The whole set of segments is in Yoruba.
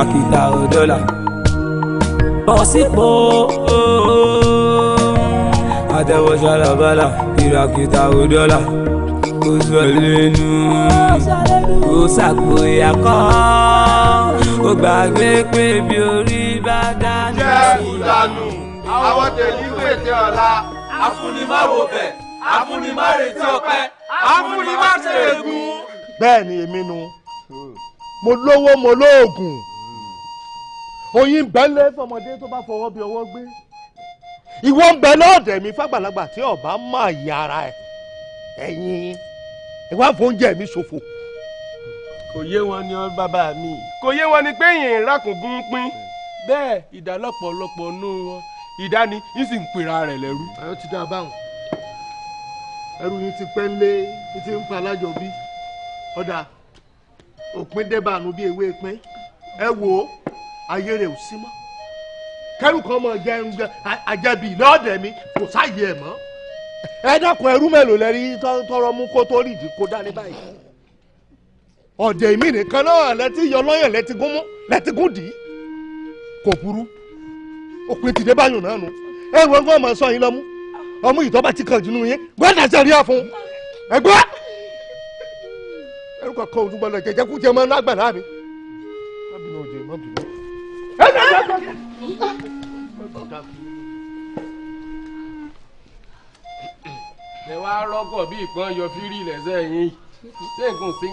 dọ́là kìtà ò dọ́là. bọ́ sípò àtẹ̀wọ̀ ṣàlàbàlà ìràkìtà ò dọ́là. kò sọ lẹ́nu kò sàpò ìyàkọ́ ó gbàgbé pé bí orí bá dání. jẹ́ ìlànà àwọn tẹ̀lé ìwé ètè ọ̀la afúnimáwo bẹ̀ afúnimáretí ọpẹ́ èmi nu mo lówó mo lóògùn oyin bẹ́lẹ̀ fọmọdé tó bá fọwọ́ bí ọwọ́ gbé ìwọ ń bẹ lọ́ọ̀dẹ̀ mi fàgbàlagbà tí ọba mà yí ara ẹ ẹ̀yin ìwà fóúnjẹ mi ṣòfò. kò yé wọn ni wọn bàbá mi. kò yé wọn ni pé yìnyín rákùnkùn pín bẹ́ẹ̀ ìdá lọ́pọ̀lọpọ̀ nú wọn ìdá ni sì ń pera rẹ̀ lẹ́rú. àyọ̀ ti dá a báwọn ẹrú yín ti pẹ́ lé yín ti ń pa alájọ bí ọ̀dà òpin dẹ́bàánú bí ewé pín ẹ wò ó ayé rẹ̀ ò sí mọ́ kẹ́rù kan mọ̀ jẹun àjẹbí mi kò sáàyè ẹ̀ mọ́ ẹ dákun ẹrú mélòó lẹ́rí tọrọ mú kó tó rí ìdí kó dání báyìí ọ̀dẹ̀ mi nìkan náà yọ lọ́yàn lẹ́tí gún mú lẹ́tí gún dì í kò burú òpin tìde báyìí náà nù ti kàn yín ẹ wá rọ́gọ̀ bí ìpọ́n yọ fírí lẹ́sẹ̀ yín ṣé nǹkan sí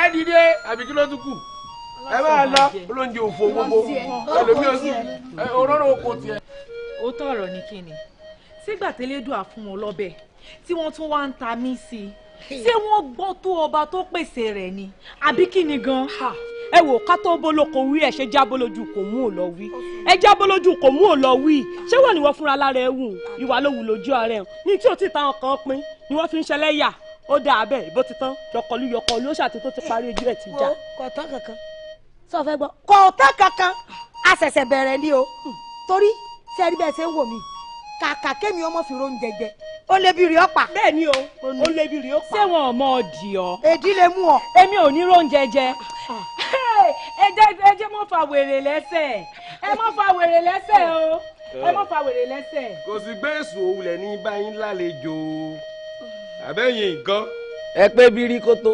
ẹ dìde àbí kí ló tún kù ẹ máa lọ olóúnjẹ òfò gbogbo ẹlòmíì ó òróró oko tiẹ̀. ó tọrọ ní kíni sígbà tẹlẹdùn àfún wọn lọ́bẹ̀ tí wọ́n tún wá ń ta mí sí i ṣé wọ́n gbọ́ tó ọba tó pèsè rẹ̀ ni àbí kíni gan-an ẹ wò ká tó bolóko wí ẹ ṣe jábólójú kò mú ò lọ wí ẹ jábólójú kò mú ò lọ wí ṣé wọn ni wọn fúnra lára ẹ wù ìwà ló wù lójú ara ẹ ní tí ò tí táwọn kan pín ni wọn fi ń ṣẹlẹ́yà ó dáa bẹ́ẹ̀ ìbò ti tán yọkọlú yọkọlú ó ṣàtúntò ti parí ojú ẹ ti já. kò tán kankan sọ fẹ́ gbọ́ kò tán kankan a ṣẹ̀ṣẹ̀ bẹ̀rẹ̀ ni o torí sẹ́rí bẹ́ẹ̀ ṣe ń wò mí kàkà kémi ọmọ fi ro oúnjẹ ó lè bìrì ọ̀pá. bẹ́ẹ̀ni o ó lè bìrì ọ̀pá. ṣé wọn ò mọ ọ dì ọ. èdí lè mú ọ. èmi ò ní ro oúnjẹ ẹ jẹ́ ẹ mọ́ fa wèrè lẹ́sẹ̀ ẹ mọ́ fa wèrè lẹ́sẹ̀ o ẹ mọ́ fa wèrè lẹ́sẹ̀. kò sí gbé èso òwúlẹ̀ ní báyìí lálejò àbẹ́yìn nǹkan. ẹ pé bírí kótó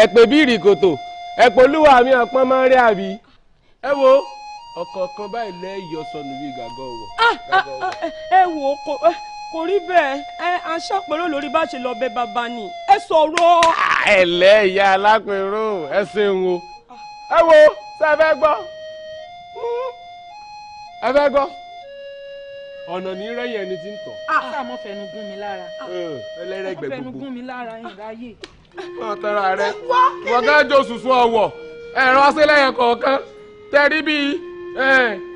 ẹ pé bírí kótó ẹ polúwa mi ọpọ́n máa ń rí àbí. ẹ wo ọ̀kọ̀ọ̀kan báyìí lẹ́yọ̀ sọnù bíi gàgọ́ wọ̀. Ah, ah, ah, ẹ wò ó kò eh, kò rí bẹ́ẹ̀ ẹ à ń ṣàpérò lórí bá ṣe lọ bẹ bàbá ni ẹ sọ̀rọ̀. ẹlẹ́ ìyá alápèrò ẹ ṣeun ẹ wo ṣe ẹ fẹ́ gbọ́ ẹ fẹ́ gbọ́ ọ̀nà ní rẹ́yìn ẹni tí ń tọ̀. àtàmọ́ ah, fẹnu gún mi lára. Ah, ẹlẹ́rẹ̀gbẹ̀ gbogbo fẹnu gún mi lára yìí ráyè. wọ́n tọ́ra rẹ̀ wọ́n ká jó sùsùn ọ̀wọ̀ ẹ̀rọ asẹ́lẹ̀yìn kọ̀ọ̀kan tẹ̀rí bíi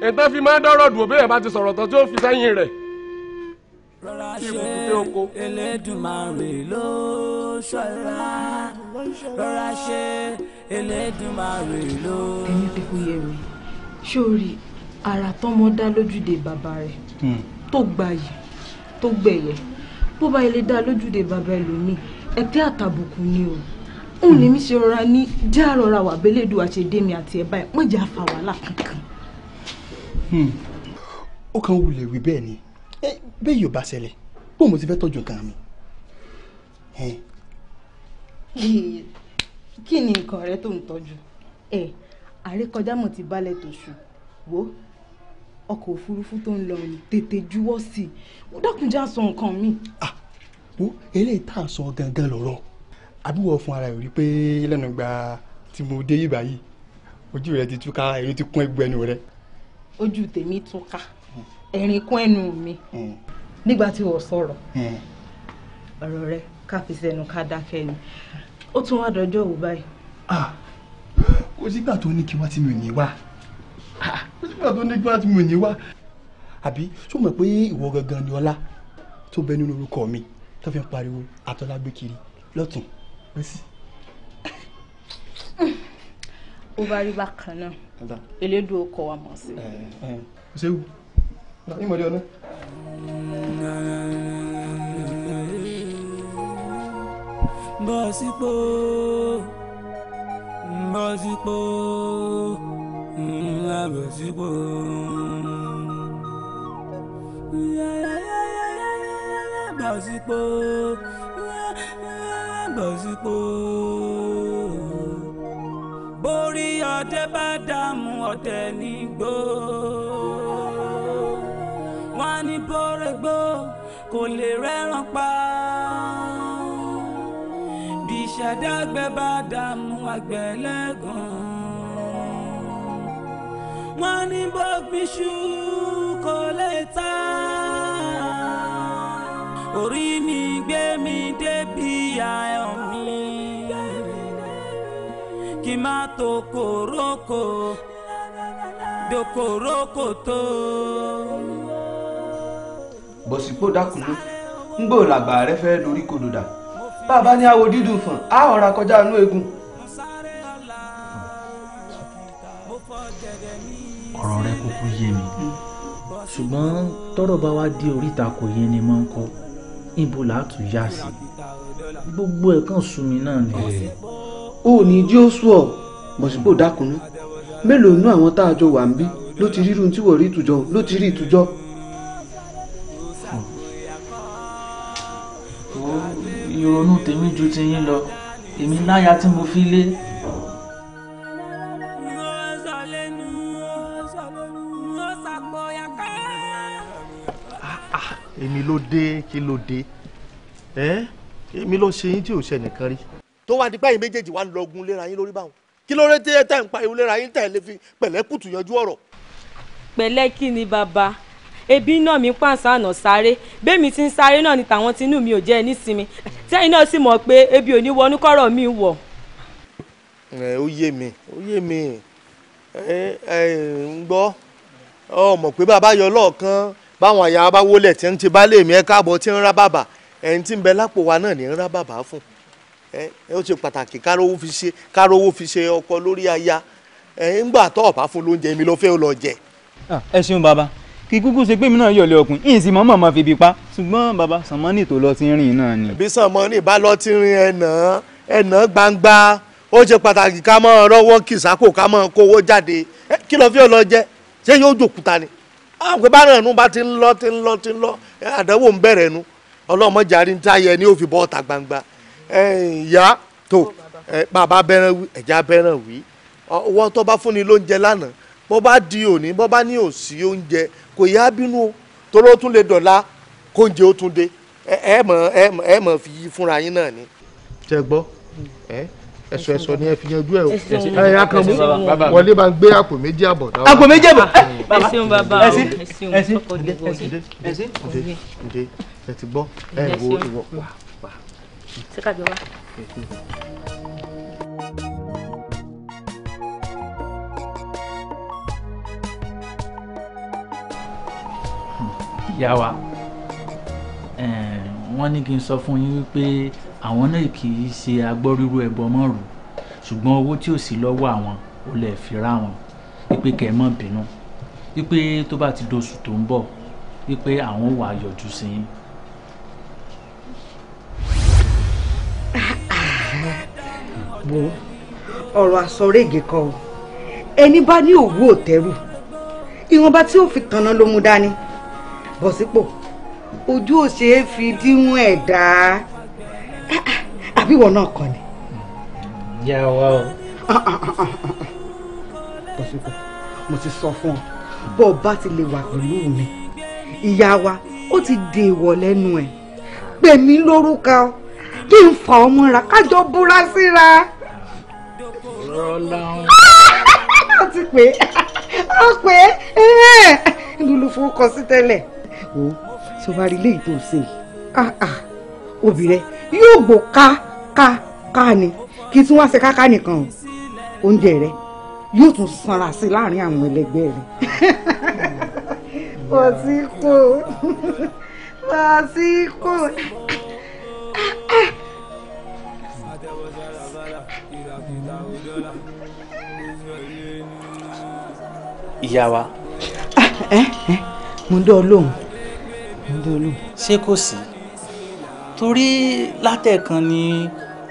ètò fi máa ń dọ́rọ̀ dùn bí ẹ̀ bá ti sọ̀rọ̀ tán tí ó fi sẹ́yìn rẹ̀ rọra ṣe elédùmarè ló ṣọ́ra rọra ṣe elédùmarè ló. ẹni kúkú yé mi ṣé o rí ara tọmọ dá lójúde bàbá rẹ̀ hmm. tó gbayì tó gbẹ̀yẹ bó bá ilé dá lójúde bàbá ẹlòmíì ẹtẹ àtàbùkù ni o òun lèmi ṣe rọra ní já rọra wà bẹlẹdù àṣedémi àti ẹ báyìí wọn jẹ àfàwálà kankan. Hmm. ó kàn wulẹ̀ wí bẹ́ẹ̀ ni bẹ́ẹ̀ yóò bá ṣẹlẹ̀ bó mo ti fẹ́ tọ́jú nǹkan mi. kí ni nǹkan rẹ tó ń tọ́jú ẹ àrékọjá mọ̀ ti balẹ̀ tó ṣù wò ọkọ̀ òfurufú tó ń lọ tètè juwọ́ sí i mo dákunjá sọ nǹkan mi. ah wo eléyìí tá a sọ gangan lọ́rọ̀ àbúrò fún ara rẹ̀ rí pé lẹ́nu gba tí mo dé yìí báyìí ojú rẹ̀ ti túká èyí ti kún ẹgbẹ́ ẹnu rẹ̀. ojú tèmi túká ẹ̀rín kún ẹnu mi nígbà tí wọ́n sọ̀rọ̀ ọ̀rọ̀ rẹ ká fi sẹ́nu ká dákẹ́ ni ó tún wá dọjọ́ òwú báyìí. kò sígbà tó ní kí wá tí mi ò ní wá kò sígbà tó ní kí wá tí mi ò ní wá àbí ṣó mọ̀ pé ìwọ gangan ni ọlá tó bẹ nínú orúkọ mi tó fi ń pariwo àtọ́lá kiri lọ́tún lọ́sí. ó bá rí bákan náà elédùn ọkọ̀ wa mọ̀ sí. ṣé wù na ima di ọnu. bọ́ sípò bọ́ sípò ńlá bọ́ sípò. bọ́ sípò bọ́ sípò. borí ọdẹ bá dààmú ọdẹ nígbó. kò lè rẹ́ràn pa bí ìṣàdágbẹ́ bá dààmú àgbẹ̀ lẹ́gàn wọ́n ní bó gbìṣú kò lè ta orí mi gbé mi débi àyàn mi kí n má tó kòrókò dòkòrókò tó bọ̀sípò dákúnú ńgbò làgbà rẹ fẹ́ lórí kòdòdà bàbá ní awo dídùn fàn a ọ̀ra kọjá inú eegun. ọ̀rọ̀ rẹ kúkú yé mi ṣùgbọ́n tọ́rọ̀ bá wá dé oríta kò yé ni mọ́ ń kọ́ níbo là yá sí gbogbo ẹ̀ kàn sú mi náà ni. o ò ní jí ó sú ọ bọ̀sípò dákúnú mélòó nú àwọn tá a jọ wà ń bí ló ti rírun tí wọ́n rí ìtùjọ ló ti rí ìtùjọ ìrònú tèmi ju tiyín lọ èmi láya tí mo fi lé ah, èmi ló dé kí ló dé ẹ èmi ló ṣe yín tí ò ṣe nìkan rí. tó wá nípa yìí méjèèjì wá ń lọ ogun léra yín lórí báwọn kí ló rẹ́tẹ́ tẹ̀ ń pariwo léra yín tẹ̀ lè fi pẹ̀lẹ́ yanjú ọ̀rọ̀. pẹ̀lẹ́ kí ni bàbá ebi náà mi pàǹsà àná sáré bẹ́ẹ̀mi ti ń sáré náà ni tàwọn tinú mi ò jẹ́ nísinmi tẹ́yìn náà sì mọ̀ pé ebi ò ní wọnú kọ́rọ̀ mi wọ̀. ẹ ó yé mi ó yé mi ẹ ẹ ń gbọ́ ọ mọ̀ pé bàbá yọ lọ́ọ̀kan báwọn àyà bá wọlé tí ń ti bá lè mí ẹ káàbọ̀ tí ń ra bàbà ẹni tí ń bẹ lápò wa náà ní ń ra bàbà fún ẹ ó ṣe pàtàkì kárówó fi ṣe kárówó fi ṣe ọkọ lórí aya ẹ ń gbà tọ́ ọ̀bá fún lóúnjẹ mi ló fẹ́ lọ jẹ. ẹ ṣeun bàbá kí kúkú ṣe pé mi náà yọ̀lẹ̀ ọkùn yìí sì mọ́mọ́ máa fi pa ṣùgbọ́n bàbá sàmọ́nì tó lọ ti rìn náà ni. bí sàmọ́nì bá lọ ti rìn ẹ̀nà ẹ̀nà gbangba ó ṣe pàtàkì ká máa rọ́wọ́ kìsákò ká máa kówó jáde kí lọ fi ọ lọ jẹ ṣé yóò jòkúta ni àwọn ìbára ẹ̀nu bá ti ń lọ ti ń lọ ti ń lọ àdánwò ń bẹ̀rẹ̀ nu ọlọ́mọjàrí ń táyẹ ni ó fi bọ́ ọ̀tà gbangba ìyá tó bàbá bẹ́rẹ̀ wí ẹ̀já bẹ́rẹ̀ wí ọwọ́ tó bá fúnni lóúnjẹ lánàá bó bá di òní bó bá ní òsì oúnjẹ kò yá bínú torí ó tún lè dọ̀la kóúnjẹ ó tún dé ẹ mọ̀ ẹ mọ̀ ẹ mọ̀ fi yí fúnra yín náà ni. ṣe gbọ́ ẹ ẹsọ ẹsọ ni ẹ fi yanjú ẹ o ẹ akànmú wọlé bá ń gbé àpò méjì àbọ̀ dáwọ́. àpò méjì àbọ̀ ẹ ṣeun bàbá o ẹ ṣeun ọkọ ní bọ́ọ̀lì ẹ ṣe ǹde ẹ ti gbọ́ ẹ wo ìwọ wà wà. ṣé ká jọ wá. ìyá wa wọ́n ní kí n sọ fún yín wípé àwọn náà kì í ṣe agbọ́rírú ẹbọ mọ́rù ṣùgbọ́n owó tí ò sí lọ́wọ́ àwọn ò lè fi ra wọn wípé kẹ́ ẹ má bínú wípé tó bá ti doṣù tó ń bọ̀ wípé àwọn wà yọjú sí yín. wo ọ̀rọ̀ àsọ̀rẹ́gẹ̀ kan o ẹni bá ní òwú òtẹ́rù ìwọ̀nba tí ó fi tanná ló mú dání bọ̀ sípò ojú ò é fi díwọ̀n ẹ̀dá àbí ìwọ náà kàn ni. ìyá wa o. bọ̀ sípò mo ti sọ fún ọ bó o bá ti lè wà pẹ̀lú mi ìyá wa ó ti dèèwọ̀ lẹ́nu ẹ̀ pè mí lórúkọ kí n fà ọmọ ra kájọ búra síra. rọlá o. ó ti pè é ó pè é ń lulú fún kọ sí tẹ́lẹ̀ wo tí o bá rí léyìí tó ń sìn yìí ah ah obìnrin yóò gbó ká ká ká ni kí tí wọ́n ṣe káká nìkan oúnjẹ rẹ yóò tún sanra sí láàrin àwọn ẹlẹgbẹ́ rẹ. ọ̀sìnkò ọ̀sìnkò. ìyá wa. Eh, eh, mo dán ọ lóhùn. Adéolú. ṣé kò sí torí látẹ̀kan ni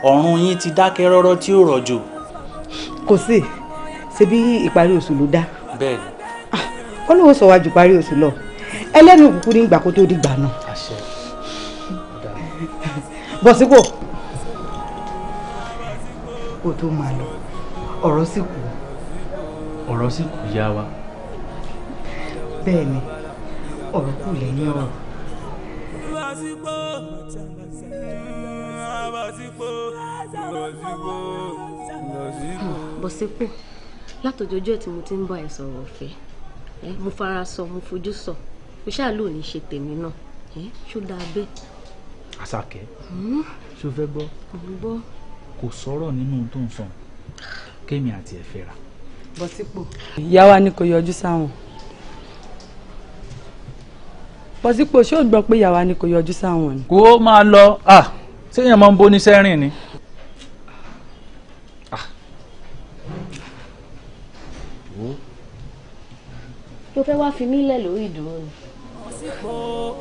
ọ̀run yín ti dákẹ́ rọ́rọ́ tí ó rọ̀jò. kò sí ṣe bí ìparí oṣù ló dá. bẹ́ẹ̀ni. Ah, kọ́ ló sọ wá ju parí oṣù lọ ẹlẹ́nu kúkú ní ìgbà kó tó dìgbà náà. àṣẹ. bọ̀ sípò kó tó máa lọ ọ̀rọ̀ sì kù. ọ̀rọ̀ sì kù yá wa. bẹ́ẹ̀ni ọ̀rọ̀ kù lẹ́yìn ọ̀rọ̀. Abasipo Abasipo Abasipo Abasipo. Bọ̀sípò látọjọjọ́ tí mo ti ń bá ẹ sọ̀rọ̀ ọ̀fẹ́ mo fara sọ mo fojú sọ mo ṣáà lò ní ṣe tèmi náà ṣó dáa bẹ́ẹ̀. Àṣàkẹ́ hmm? ṣó fẹ́ gbọ́ kò sọ̀rọ̀ nínú tó ń sọ kémi àti ẹ̀ fẹ́ra. Bọ̀sípò. ìyá wa ni kò yọjú sáwọn pọ̀sípò ṣé ò ń gbọ́ pé ìyàwó ni kò yọjú sáwọn ni. kó máa lọ séèyàn máa ń bó ní sẹ́rìn ni. tó fẹ́ wá fi mí lẹ̀ lórí ìdúró ni. Oh,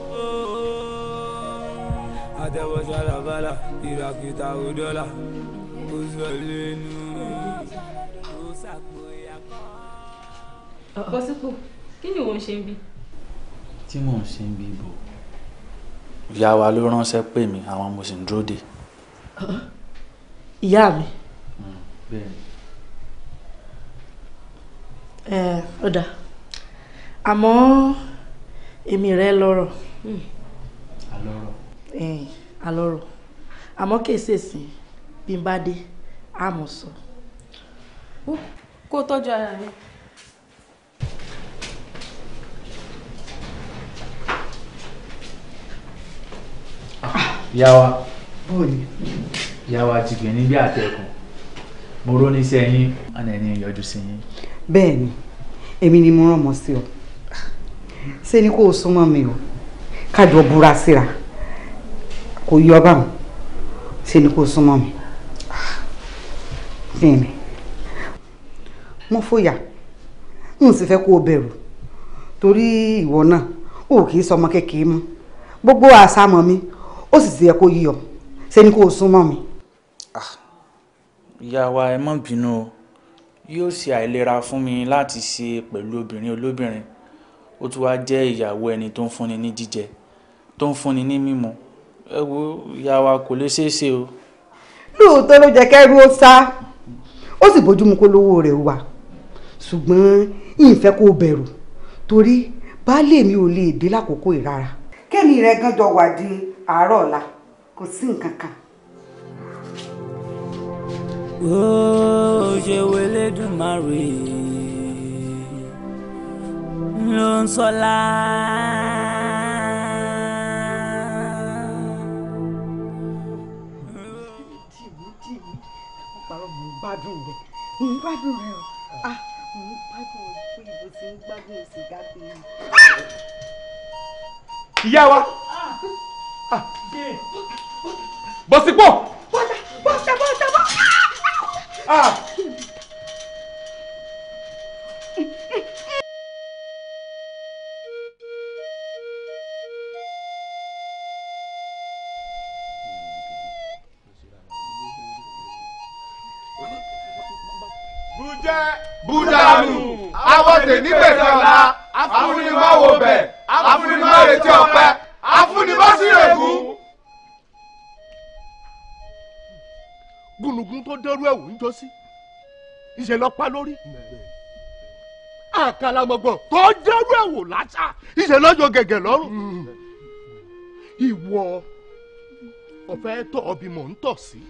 àtẹ̀wọ̀sọ làbàlà ìràkìtà òdọ́là kò sọ lẹ́nu kò sàpò ìyàkọ́. pọ̀sípò kí ni òun ṣe ń bí tí mò ń ṣe ń bí ibò. ìyá wa ló ránṣẹ́ pè mí àwọn mo sì ń dúró dè. ìyá mi. Hmm, bẹ́ẹ̀ni. ẹ ọ dà àmọ́ èmi rẹ lọ́rọ̀. Hmm. alọ́rọ̀. ẹ alọ́rọ̀ àmọ́ kèsèsì bí n bá dé àmọ̀ sọ. kó tọ́jú ara rẹ. yàwá yàwá ti gbìn níbi àtẹkùn mo ró ní sẹ́yìn àná ẹni yọjú sí yín. bẹ́ẹ̀ ni èmi ni mo rán ọmọ sí ọ ṣé ni kò súnmọ́ mi o kájọ búra síra kò yọ bá mi ṣé ni kò súnmọ́ mi bẹ́ẹ̀ ni mo fòyà n sì fẹ́ kó o bẹ̀rù torí ìwọ náà o kì í sọmọ kékeré mọ́ gbogbo àṣà mọ̀ mi ó sì ti yẹ kó yíyọ ṣe ni kó o sún mọ́ mi. Ah, ìyá wa ẹ má bínú o yóò ṣe àìlera fún mi láti ṣe pẹ̀lú obìnrin olóbìnrin ó tún wá jẹ́ ìyàwó ẹni tó ń fúnni ní jíjẹ tó ń fúnni ní mímu ẹ wo ìyá wa kò lè ṣeé ṣe o. lóòótọ́ ló jẹ́ kẹ́rú ó sá ó sì bójú mu kó lówó rẹ̀ wà ṣùgbọ́n ìfẹ́ kó bẹ̀rù torí baálé mi ò lè dé lákòókò ìrara. kẹ́mi rẹ̀ gánjọ wà dín àárọ̀ ọ̀la kò sí nǹkan kan. oje welédùmarè ló ń sọlá. gbádùn ń gbádùn ah mo ń gbádùn rẹ ah, pé ibo ti ń gbádùn ìyá wa. Ah bọ́sípò. bọ́sà bọ́sà bọ́sà bọ́sà. Ah! Ah! budanu awọ tè nígbèsè ọ̀la afúnimáwo bẹ̀ afúnimáwo etí ọ̀pẹ afúnibásílẹ̀ gùn. gùnùgùn tó dẹrú ẹ̀wù ń jọ́sí ìṣẹ̀lẹ̀ ọ̀pá lórí àkàlàmọ̀gbọ̀n tó dẹrú ẹ̀wù láṣà ìṣẹ̀lẹ̀ ọjọ́ gẹ̀gẹ̀ lọ́rùn ìwọ ọ̀fẹ́ tọ̀ ọbí mò ń tọ̀ sí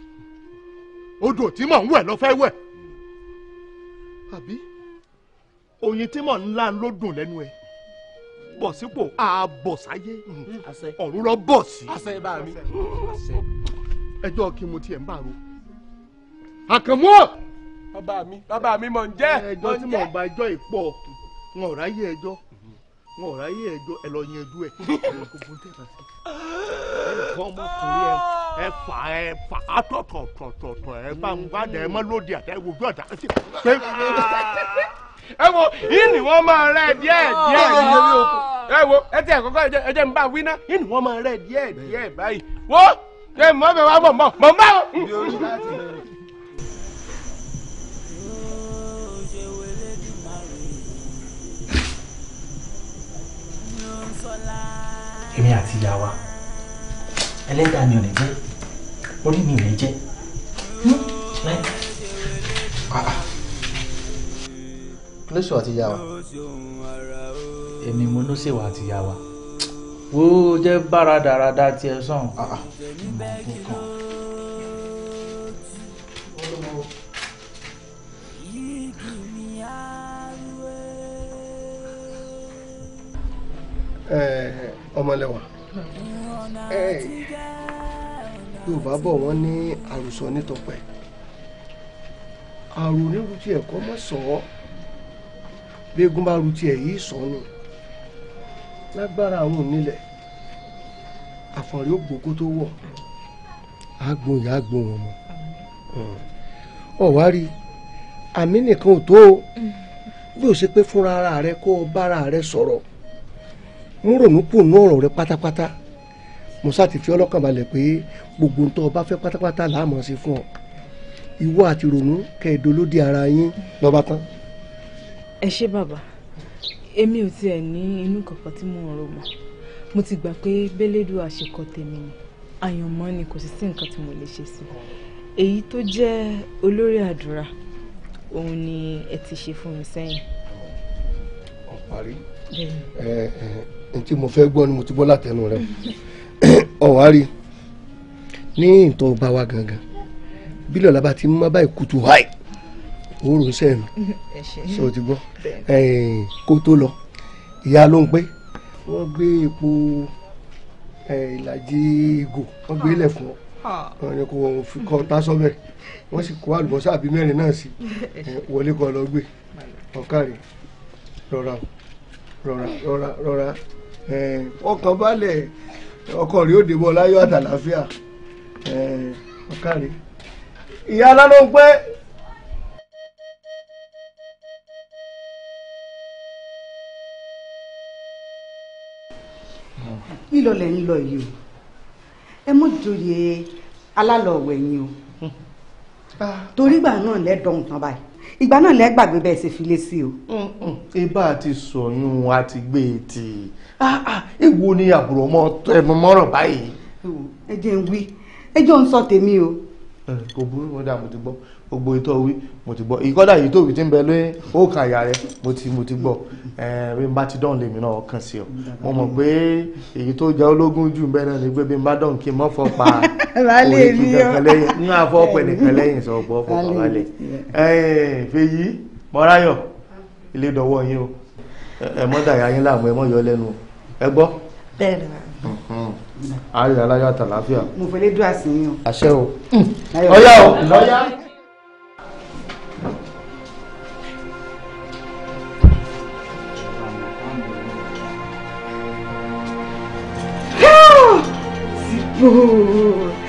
odò tí mò ń wẹ̀ lọ́fẹ́ wẹ̀ àbí oyin tí mò ń lá ń ló dùn lẹ́nu ẹ̀ bọ̀ sípò ààbọ̀ sáyé hmm, ọ̀run lọ bọ̀ sí. àṣẹ bá mi. ẹjọ́ kí mo tiẹ̀ ń bá ro. àkànmú. bàbá mi bàbá mi mọ̀ ń jẹ́. ẹjọ́ tí mò ń bá ẹjọ́ ìpọ̀ wọn ò ráyè ẹjọ́ wọn ò ráyè ẹjọ́ ẹ lọ yanjú ẹ. ọmọkùnrin ẹ ẹ fà ẹ fà á tọ̀tọ̀tọ̀tọ̀ ẹ bá ń gbádùn ẹ mọ́ lóde àtẹ̀wòjú ọ̀dà ẹ wo yìí ni wọ́n máa rẹ̀ díẹ̀ díẹ̀ nítorí oko oh. ẹ wo ẹ ti àkọ́kọ́ ẹ jẹ́ n bá wí ná yìí ni wọ́n máa rẹ̀ díẹ̀ díẹ̀ báyìí wo ṣe mọ́ bẹ̀ wá bọ̀ mọ́ mọ́ mọ́. èmi àti ìyá wa ẹlẹ́dàá mi ò lè jẹ́ orí mi ò lè jẹ́ hmm? láìka. Ah, ah kí ló ṣe wà ti yá wa. èmi mo ló ṣe wà ti yá wa wo jẹ́ bára dáradá tiẹ̀ sàn. Ah, ah. eh, ọmọlẹ́wà eh, yorùbá bọ̀ wọ́n ní àròsọ nítọpẹ́ àrò onírúurú ẹ̀kọ́ mọ̀ sọ́ọ́ gbẹ́gun bá ru tiẹ̀ yìí sọ ni lágbára àwọn onílẹ̀ àfọ̀nrí ó gbogbo tó wọ̀ àgbọn ìyá àgbọn wọn mọ ọ̀wá àmì nìkan ò tó o bí o ṣe pé fúnra ara rẹ kó o bára rẹ sọ̀rọ̀ ń rònú pònú ọ̀rọ̀ rẹ pátápátá musa ti fi ọlọ́kàn balẹ̀ pé gbogbo ntọ́ ọba fẹ́ pátápátá làá mọ̀ sí fún ọ ìwọ àti rònú kẹ́ ẹ dolódi ara yín lọ́ba tán. Mm -hmm ẹ ṣé bàbá èmi ò tiẹ̀ ní inú kankan tí mò ń rò mọ́ mo ti gbà pé bẹ́lẹ́dù àṣekọ tèmi ni àyànmọ́ ni kò sì sí nǹkan tí mo lè ṣe sí èyí tó jẹ́ olórí àdúrà òun ni ẹ ti ṣe fún mi sẹ́yìn. ọ̀parí ẹ ẹ tí mo fẹ́ gbọ́ ni mo ti gbọ́ látẹnu rẹ ọ̀wárí ní ìtọ́ ọba wa gangan bí bá ti mọ́ báyìí kùtù háì oorun sẹ mi so ti gbọ́ kó tó lọ ìyá ló ń pé wọ́n gbé epo ìlàjì ìgò wọ́n gbé lẹ̀kọ́ ah. wọ́n ní kó wọ́n fi kọ tásọ bẹ́ẹ̀ wọ́n sì kó àlùbọ́sà àbí mẹ́rin náà sí wọlé kọ lọ gbé ọkàrí rọra rọra rọra rọra ọkàn balẹ̀ ọkọ rèé ó dìbò láyọ̀ àtàlàfíà ọkàrí ìyá aláló ń pẹ́. lílọ lẹ̀ ń lọ yìí o ẹ mọ̀ joyè alálọ̀ọ̀wẹ̀ yín o torí ìgbà náà lẹ́dọ̀ọ̀hún tán báyìí ìgbà náà lẹ́ gbàgbé bẹ́ẹ̀ ṣe fi sí o. ibà ti sọyún a ti gbé e tì ah, ah, èwo ni àbúrò mọ ẹmọ mọrọ báyìí. ẹ jẹ́ ń wí ẹ jọ ń sọ tèmi o. kò burú mo dà mo ti gbọ́ gbogbo ìtọ́ wí mo ti gbọ́ ìkọ́dà yìí tó wí ti ń bẹ lóyún ó kan àyà rẹ mo ti mo ti gbọ́ bí n bá ti dán lèmi náà kàn sí ọ mo mọ̀ pé èyí tó jẹ́ ológun jù bẹ́ẹ̀ náà ni pé bí n bá dán kí n mọ́ fọ́ pa òyìnbí kankan lẹ́yìn ní àfọ́ ọ̀pẹ̀ nìkan lẹ́yìn sọ ọ̀pọ̀ ọ̀pọ̀ pàbálẹ̀ fèyí mọ́ráyọ̀ ilé dọ̀wọ́ yín o ẹ mọ́ dàyà yín láàmú ẹ mọ́ yọ lẹ́nu ẹ gbọ́. bẹ́ẹ̀ ni ayọ̀ aláyọ̀ àtàlàáfíà. mo fẹ́ lé dùn àsìyàn. àṣẹ o. ọ̀yá o lọ́yà.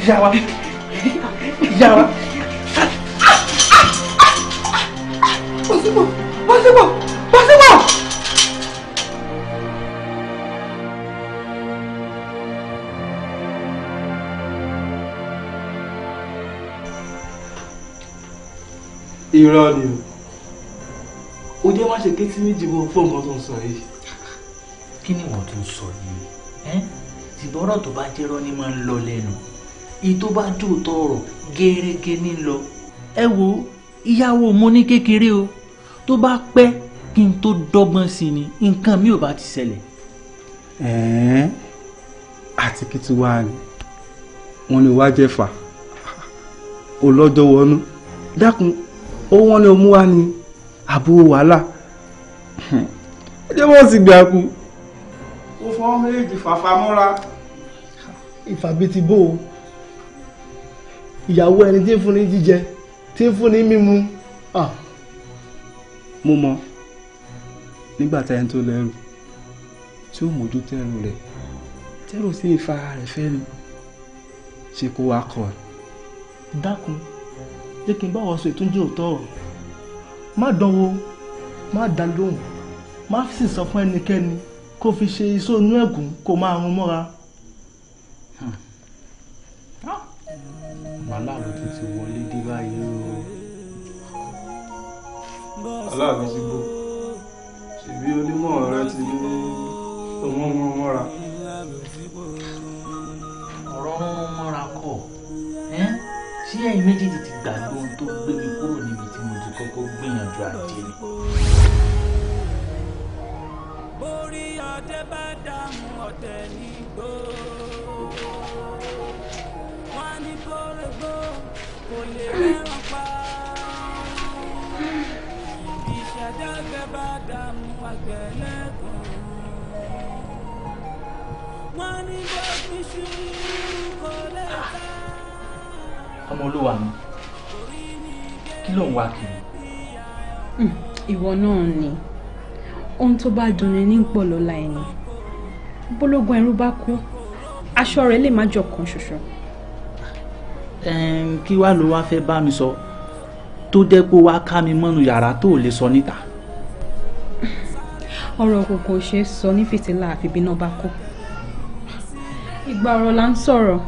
yà wá ni o jẹ́ má ṣe kétí méjì bọ́ fún nǹkan tó ń sọ yìí. kí ni ìwọ̀n tó ń sọ yìí? ṣùgbọ́n tó bá jẹ́rọ́ ni máa ń lọ lẹ́nu èyí tó bá jó tọrọ gẹ́rẹ́gẹ́ ní lọ. ẹ wo ìyàwó mo ní kékeré o tó bá pẹ́ kí n tó dọ́gbọ́n sí ni nǹkan mi ò bá ti ṣẹlẹ̀. ẹ̀ẹ́n àti kí tí wàá ni wọ́n ní wàá jẹ́fà olọ́jọ́ wọnú dákun ó wọ́n ní omú wa ni àbúrò wàhálà ẹjẹ́ wọ́n sì gbà kú. ó fọ́ méjì fàfà mọ́ra ìfàbítibó ìyàwó ẹni tí ń fún ní jíjẹ tí ń fún ní mímu. mo mọ nígbà tá ẹni tó lẹ́rù tí ó mójú tẹ́rù rẹ̀ tẹ́rù sí ìfara rẹ̀ fẹ́ ni ṣe kó wa kọ̀ ẹ́. dákun jẹ́ kí n bá wọ́n sọ ìtúnjẹ òótọ́ ọ̀ má dánwò má dá lóhùn má sì sọ fún ẹnikẹ́ni kó fi ṣe iṣó inú ẹ̀gún kó máa rún mọ́ra aláàbí síbò ṣèbí onímọ̀ rẹ ti ní ọmọ mọ́ mọ́ra. ọ̀rọ̀ mọ́ mọ́ra kọ̀ ṣé ẹ̀yin méjèèjì ti gbàgbé ohun tó gbé mi kúrò níbi tí mo ti kọ́kọ́ gbìyànjú àdé ni. borí ọdẹ bá dáhùn ọdẹ nígbó wọn ní kórè gbó kò lè rẹ́ràn pa ẹ̀dá fẹ́ bá dààmú àgbẹ̀lẹ́kùn. ọmọ olúwa mi kí ló ń wá kiri. Hmm, ìwọ náà ni ohun tó bá dunni ní pọ̀ lọ́la ẹni bólógun ẹrú bá kú aṣọ rẹ̀ lè má jọ kan ṣoṣo. kí wàá ló wá fẹ́ bá mi sọ. So tó jẹ́ pé wàá ká mi mọ́nu yàrá tó lè sọ níta. ọ̀rọ̀ kòkò ṣe é sọ ní fìtílà àfi bí iná bá kú ìgbà ọ̀rọ̀ là ń sọ̀rọ̀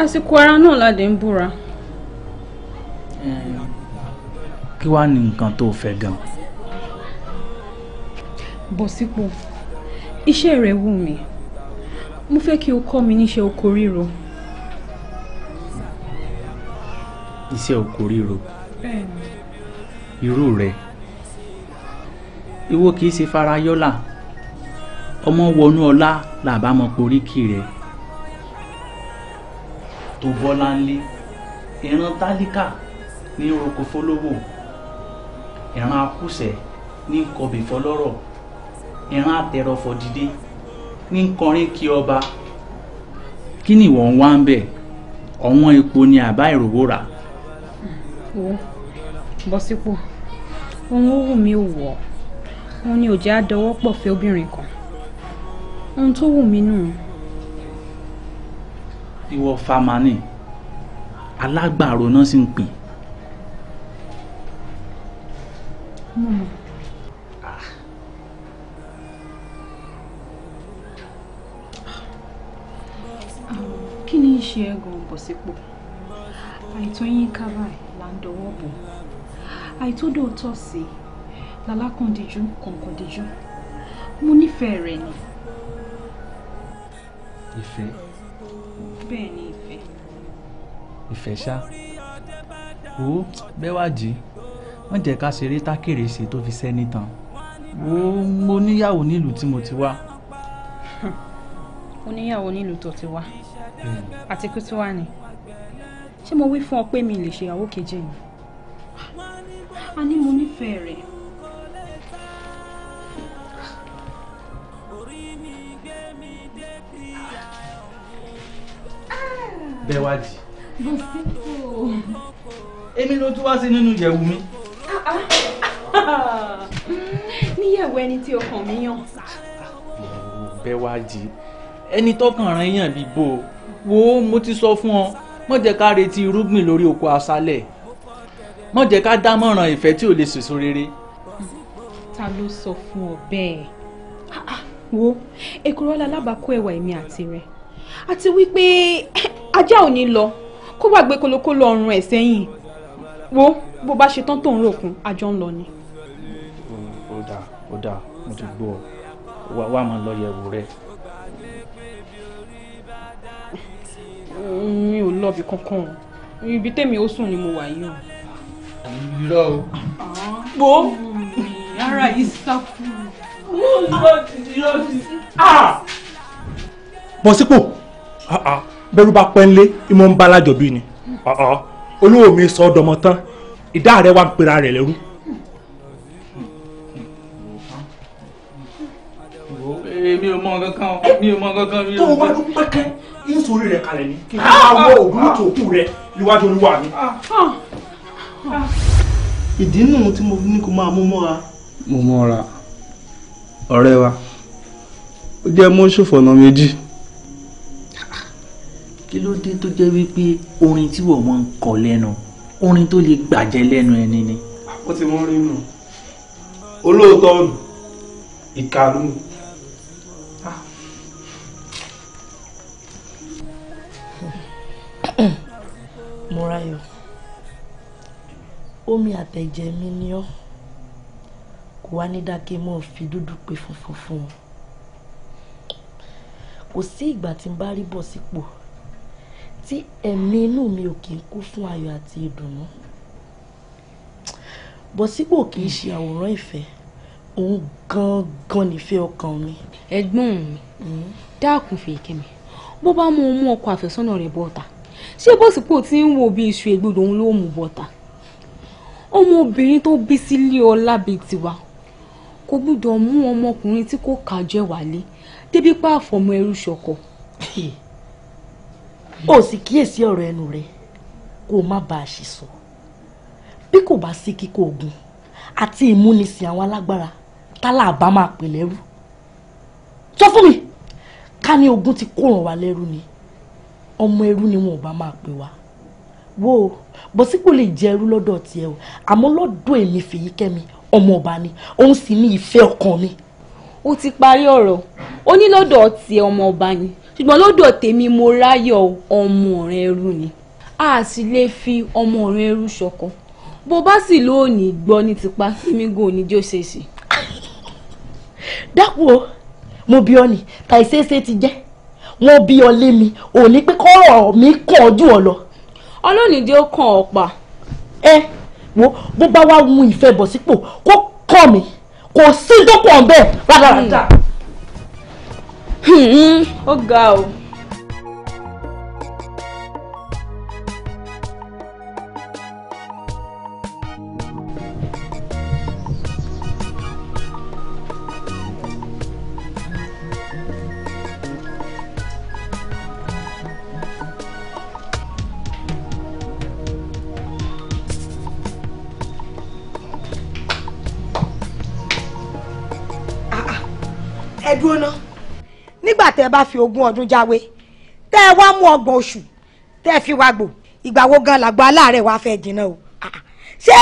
àsìkò ara náà ládé ń búra. kí wàá ní nǹkan tó fẹ́ gan. bọ̀ sípò iṣẹ́ rẹ̀ wù mí mo fẹ́ kí o kọ́ mi níṣẹ́ oko ríro. iṣẹ́ oko ríro irú rẹ̀ ìwọ kìí ṣe farayọ́là ọmọ wọnú ọlá làbámọ poríkì rẹ̀ tó bọ́lá ńlé ìran tálíkà ní roko fọlọ́wọ́ ìran akúṣẹ̀ ní kọbì fọlọ́rọ̀ ìran àtẹrọfọ̀ dìde ní kọrin kí ọba kí ni ìwọ̀n wá ń bẹ̀ ọ̀wọ́n epo ni àbá ìrówó wo bọ́ sípò ohun ó wù mí ò wọ̀ wọn ni òjá dọwọ́ pọ̀ fẹ́ obìnrin kan ohun tó wù mí nù. ìwọ famani alágbàro náà sì ń pè. mọ̀mọ́. Ah. kí ni ṣe ẹ gan bọ̀ sípò àìtó yín ká báyìí ń dọwọ́ bò àìtódòótọ́ sí lalákàndíjú kọ̀ǹkọ̀díjú mo nífẹ̀ẹ́ rẹ̀ ni. ìfẹ́. bẹ́ẹ̀ ni ìfẹ́. ìfẹ́ ṣá wo bẹ́wàjì wọ́n jẹ́ ká ṣeré tákèrè ṣe tó fi sẹ́ni tán wo mo níyàwó nílùú tí mo ti wá. oníyàwó nílùú tó ti wá àti kú tí wá ni. Hmm ṣé mo wí fún ọ pé mi lè ṣèyàwó keje yìí a ní mo nífẹ̀ẹ́ rẹ̀. bẹ́wájì. èmi ló tún wá sí nínú ìyẹ̀wù mi. Ah, ah, ah. níyẹ̀wù ẹni tí ọkàn mi yàn. bẹ́wájì ẹni tọkàn rẹ yàn bíbó wo mo ti sọ fún ọ má jẹ́ ká retí irúgbìn lórí oko aṣálẹ̀ má jẹ́ ká dámọ̀ràn ìfẹ́ tí ò lè sèso rere. ta ló sọ fún ọ bẹ́ẹ̀ ah, ah, wo èkúrọ́ lalábàákú ẹ̀wà èmi àti rẹ̀ àti wípé ajá ò ní lọ kó wàá gbé kólókóló ọrùn ẹ̀ sẹ́yìn wo bó bá ṣe tán tó ń ròkun àjọ ń lọ ni. ó dáa ó dáa mo ti gbọ́ ọ wá máa lọ yẹ̀wò rẹ̀ mi ò lọ́ọ̀bì kankan o ibi tèmi ó sùn ni mo wà yìí o. irọ́ o. bo ara yìí sá fún ah! bọ̀ sípò ah, ah. bẹ́rù bá pẹ́ ńlé ìmọ̀ ń bá lájọ bí ni olówó mi sọ ọdọmọ tán ìdá rẹ wà ń pera rẹ lẹ́rú. èmi ò mọ kankan mi ò mọ kankan mi ò mọ. tó o bá dún pẹ́kẹ́ kí n sori rẹ kalẹ̀ ni kí n ah, máa wọ òdúró tó kù rẹ níwájú olúwa mi. Ah, ah, ìdí nù tí mo fi ní kó máa mú mọ́ra. mo mọ́ra ọ̀rẹ́ wa ó jẹ́ mọ́ṣọ́fọ̀ ọ̀nà méjì. kí ló dé tó jẹ́ wípé orin tí wọ́n mọ̀ ń kọ lẹ́nu orin tó lè gbàjẹ́ lẹ́nu ẹni ni. ó ti mọ́ rí nù olóòótọ́ ìkàlù Morayo, omi àtẹ̀jẹ̀ mi ni ọ́ kò wá ní dákẹ́ mọ́ fi dúdú pé funfun fún un kò sí ìgbà tí n bá rí bọ̀ sípò tí ẹ̀mí inú mi ò kì í kú fún ayọ̀ àti ìdùnnú bọ̀ sípò kì í ṣe àwòrán ìfẹ́ òun gangan nífẹ̀ẹ́ ọkàn mi. ẹ̀gbọ́n mi hmm? dákun fèékẹ́ mi bó bá mú un mú ọkọ àfẹ́sọ́nà rẹ̀ bọ́ta ṣé bọ́sìpò tí ń wo bí iṣu ègbodò òun ló mú bọ́tà ọmọbìnrin tó bí sílé ọlá bíi tiwa kò gbúdọ̀ mú ọmọkùnrin tí kò kájẹ́ wálé débi pa àfọmọ ẹrú ṣọkọ. ó sì kíyèsí ọ̀rọ̀ ẹnu rẹ kó o má bá a ṣe sọ bí kò bá sí kíkó ogun àti ìmúnisìn àwọn alágbára tálà àbá máa pè lẹ́rú sọ fún mi ká ní ogun ti kó ràn wá lẹ́rú ni ọmọ ẹrú ni wọn ò bá máa pè wá wo bọ́sí kò lè jẹ ẹrú lọ́dọ̀ tiẹ̀ o àmọ́ lọ́dọ̀ èmi fèyí ọmọ ọba ni òun sì ní ìfẹ́ ọkàn mi. ó ti parí ọ̀rọ̀ ó ní lọ́dọ̀ tiẹ̀ ọmọ ọba ni ṣùgbọ́n lọ́dọ̀ tèmi mo ráyọ̀ ọmọ rẹ̀ ẹrú ni a sì lè fi ọmọ rẹ̀ ẹrú ṣọkọ bó bá sì lóòní gbọ́ ní tipa kími gò ní jó ṣe ṣe. dápò mo bí ọ ní tàìṣeéṣe ti jẹ́ wọ́n bí ọ lé mi òní pé kọ́rọ̀ mi kàn ọ́ jù ọ lọ. ọlọ́ni dé ó kàn ọ́ pa. ẹ wo bó bá wá mú ìfẹ́ bọ̀ sípò kó kàn mí kò sí tó pọ̀ bẹ́ẹ̀ rádaràda. Hmm, hmm, hmm, ó ga o. tẹ́ ẹ bá fi ogún ọdún jáwé tẹ́ ẹ wá mú ọgbọ̀n oṣù tẹ́ ẹ fi wá gbò ìgbà wo gan làgbọ́ aláàárẹ̀ wàá fẹ́ jìnnà o ah, ṣé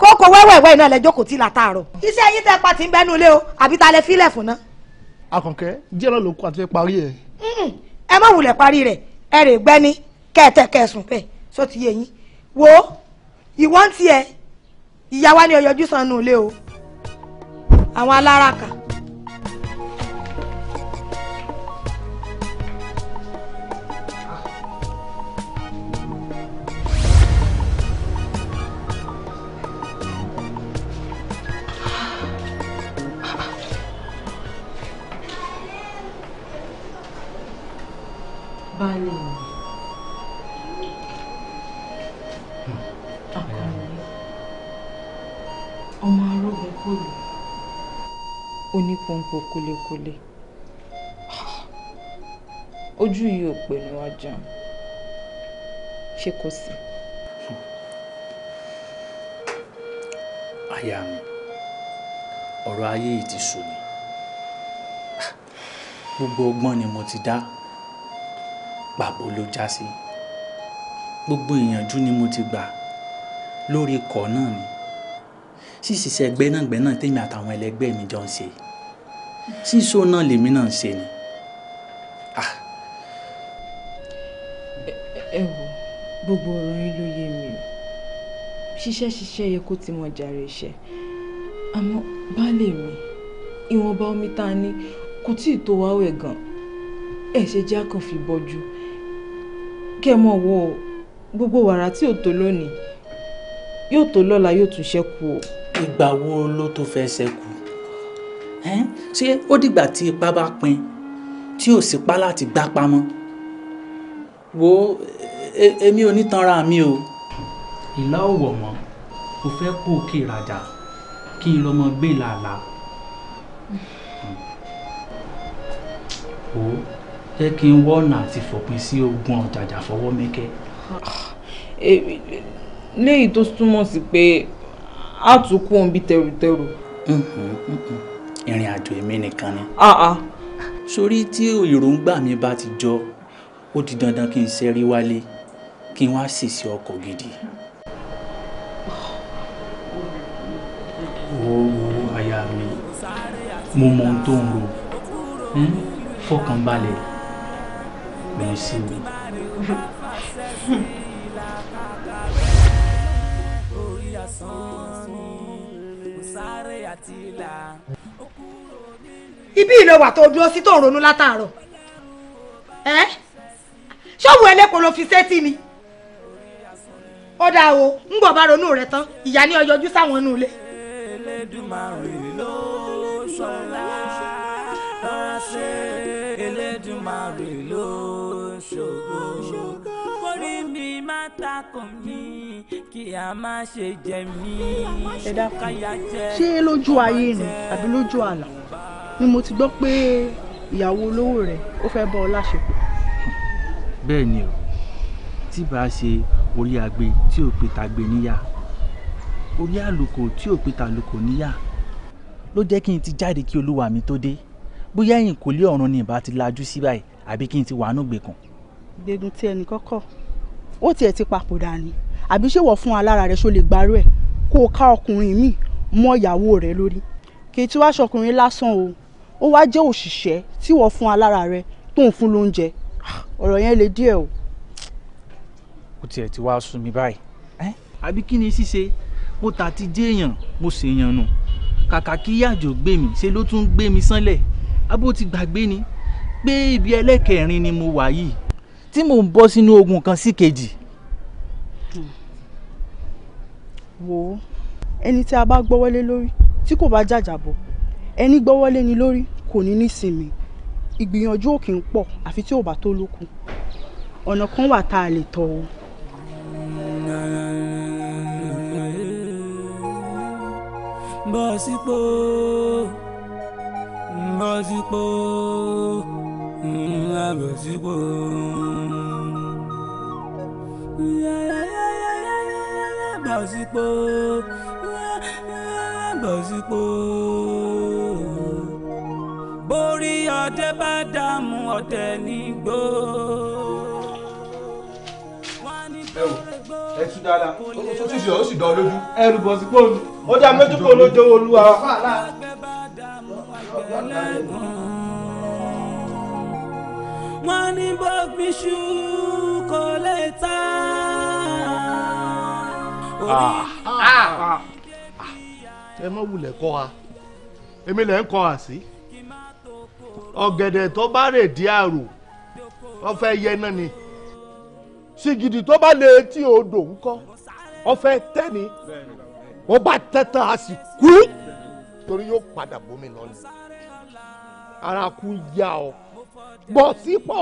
kókó wẹ́wẹ́wẹ́ náà lẹ́jọ́ kò tí ì látàárọ̀ iṣẹ́ yín tẹ́ pa ti ń bẹ́nu ilé o àbí ta lẹ fílẹ̀ fún náà. àkànkẹ́ díẹ̀ lọ́ọ́ ló kó àti fẹ́ parí ẹ̀. ẹ má wulẹ̀ parí rẹ̀ ẹ rè gbẹ́ni kẹ́ẹ̀tẹ̀ kẹ́ẹ̀sùn bẹ́ẹ̀ só ti yé yín wo ìwọ́n tiẹ̀ ìyá wa ni ọyọjú sanu ilé o àwọn alárakà. gbogbo kólékólé ah, ojú yìí ò pè ní wá jẹun ṣé kò sí. àyà mi ọ̀rọ̀ ayé yìí ti sú mi gbogbo ọgbọ́n ni mo ti dá pàbó ló já sí gbogbo ìyànjú ni mo ti gbà lórí ikọ̀ náà ni ṣíṣiṣẹ́ gbẹ́nàgbẹ́nà tèmi àtàwọn ẹlẹgbẹ́ mi jọ ń ṣe yìí sísọ náà lèmi náà ṣe ni. Ah. ẹ wo gbogbo ọ̀rọ̀ yín ló yé mi o ṣiṣẹ́ ṣiṣẹ́ yẹ kó ti mọ jàre iṣẹ́ àmọ́ baálé mi ìwọ̀nba omi tá a ní kò tí ì tó wá wẹ̀ gan ẹ ṣe já kan fi bọ́jú kẹ́ ẹ mọ̀ wọ́ ọ gbogbo wàrà tí ò tó lónìí yóò tó lọ́la yóò tún ṣẹ́kù o. ìgbà wo ló tó fẹ́ ṣẹ́kù? ṣé ó dìgbà tí ipá bá pin tí ò sípá láti gbá pamọ́ wo e, èmi ò ní tanra mi o. ìlà òwò mọ́ kò fẹ́ kó o kí ìrajà kí n lọ́mọ gbé làálà. o jẹ́ kí n wọ́nà àti fòpin sí ogun ọ̀jàjà fọwọ́ mẹ́kẹ́. E, léyìí tó túmọ̀ sí pé a tún kú òun bí tẹrùtẹrù ìrìn àjò èmi nìkan ni. Ah, ah. sórí tí èròǹgbà mi bá ti jọ ó di dandan kí n ṣẹ́rí wálé kí n wá ṣèṣì ọkọ̀ gidi. wo aya mi mo mọ ohun tó ń ro hmm? fọkànbalẹ̀ mo sì mi. orí asán ni ibi ìlọwà tó dúró sí tó ń ronú látàárọ̀ ẹ ṣọ́wù ẹlẹ́kọ̀ọ́ ló fi sétí ni ó dáa o ń bọ̀ bá ronú rẹ tán ìyá ni ọyọjú sáwọn inú ilé. ṣe lójú ayé ni àbí lójú àlá ni mo ti gbọ́ pé ìyàwó olówó rẹ̀ ó fẹ́ bọ́ ọ láṣepọ̀. bẹ́ẹ̀ ni o tí bá a ṣe orí agbe tí ò pe tagbe níyà orí àlùkò tí ò pe tàlùkò níyà ló jẹ́ kí n ti jáde kí olúwa mi tó dé bóyá ẹ̀yìn kò lé ọ̀run ni ìbá ti lajú sí báyìí àbí kí n ti wàánú gbẹ̀kàn. gbẹ̀gùn tí ẹnì kọ́kọ́ ó tiẹ̀ ti papòdà ni àbí ṣé wọ́n fún wa lára rẹ̀ ṣó lè gbarú ẹ̀ kó o ká ọkùnrin míì mọ́ ìyàwó rẹ̀ lórí kì í tí wàá ṣọkùnrin lásán o ó wá jẹ́ òṣìṣẹ́ tí wọ́n fún alára rẹ tó ń fún lóúnjẹ ọ̀rọ̀ yẹn le díẹ̀ o. ó tiẹ̀ ti wáá sún mi báyìí. àbí kí ni ṣíṣe mo ta ti dé èèyàn mo sì èèyàn nù kàkà kí yàjò gbé mi ṣe ló tún gbé mi sánlẹ̀ abó ti gbàgbé ni pé ibi ẹlẹ́kẹrin ni mo wà yìí tí mò ń bọ́ sínú ogun kan sí kejì. wo ẹni tí a bá gbọ́wọ́lé lórí tí kò bá jàjàbọ̀ ẹni gbọ́wọ́lé ni lórí kò ní nísinmi ìgbìyànjú ò kì í pọ̀ àfi tí ò bá tó lóko ọ̀nà kan wà tá a lè tọ̀ o. bọ́ sípò bọ́ sípò bọ́ sípò. bọ́ sípò bọ́ sípò ọdẹ bá dààmú ọdẹ nígbó. ẹ wò ẹ tú dáadáa ó sì ó sì dán lójú. ẹrù bọ̀ sí pọ́ọ̀lù. ó dá méjì kó lójó olúwa. wọ́n ní bọ́ọ̀gbìn ṣú kò lè ta. Ah, ah, ah. ẹ má wulẹ̀ kọ́ wa èmi lẹ̀ ń kọ́ wa sí. Si ọ̀gẹ̀dẹ̀ tó bá rè dí àrò ọ̀fẹ́ yẹ náà ni sìgìdì tó bá lè tí odò ńkọ́ ọ̀fẹ́ tẹ́ni wọ́n bá tẹ́tàn á sì kú torí yóò padà bómi lọ ni ara kú yá ọ bọ̀ sípò.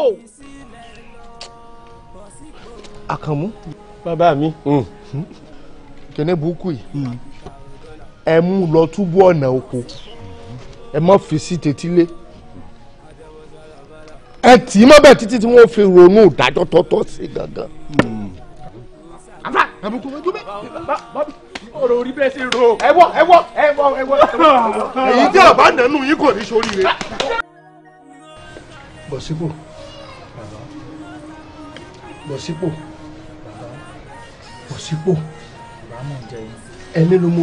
àkànmú. bàbá mi. Hmm. kẹ́nẹ́ burúkú yìí hmm. ẹ mú lọ túbú ọ̀nà oko ẹ má fi sí tetílé. Mm ẹ tì í mọ́bẹ̀ títí tí wọ́n fi ronú ìdájọ́ tọ́tọ́ sí gangan. àbá àbùkù ojú bẹ́ẹ̀ ọ̀rọ̀ orí bẹ́ẹ̀ ṣe rò. ẹ wọ ẹ wọ ẹ wọ ẹ wọ. èyí tí àbá nánú yín kò ní ṣoríire. bọ̀ sípò bọ̀ sípò bọ̀ sípò ẹni ló mú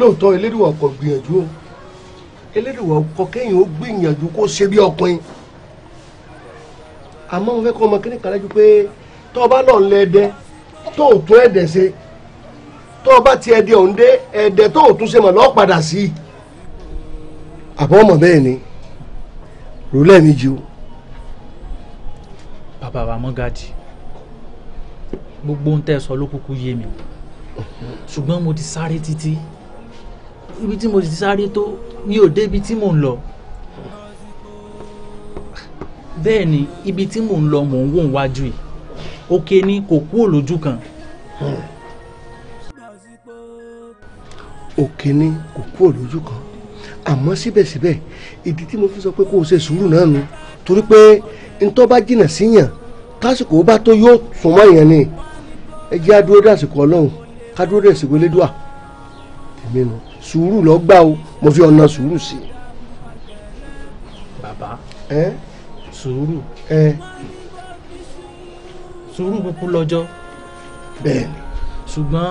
lóòótọ́ elédùwà ọkọ̀ gbìyànjú o elédùwà ọkọ̀ kẹ́yìn ó gbìyànjú kó ṣe bí ọkùnrin àmọ́ mo fẹ́ kọ́ ọmọ kíní kan lẹ́jú pé tó o bá lọ lẹ ẹdẹ tó o tún ẹdẹ ṣe tó o bá ti ẹdẹ ọ̀hún dé ẹdẹ tó o tún ṣe mọ̀ lọ́ọ́ padà sí i àbọ̀ ọmọ bẹ́ẹ̀ ni rò lẹ́ẹ̀mejì o. bàbá wa mọ́gàjì gbogbo ń tẹ́ sọ ló kúkú yé mi ṣùgbọ́n mo ti sáré títí ibi tí mo sì sáré tó mi ò débi tí mò ń lọ bẹ́ẹ̀ ni ibi tí mò ń lọ mò ń wò wájú yìí òkè ni kò kúrò lójú kan. òkè ni kò kúrò lójú kan àmọ́ síbẹ̀síbẹ̀ ìdí tí mo fi sọ pé kó o ṣe sùúrù náà nu torí pé ntọ́ bá jìnnà síyàn tásìkò bá tó yóò súnmọ́ yẹn ni ẹ jẹ́ àdúró dàsìkò ọlọ́run ká dúró dàsìkò elédùà tèmi nu sùúrù lọ gbà o mo fi ọ̀nà sùúrù sí. bàbá sùúrù sùúrù kúkú lọ́jọ́ bẹ́ẹ̀ni ṣùgbọ́n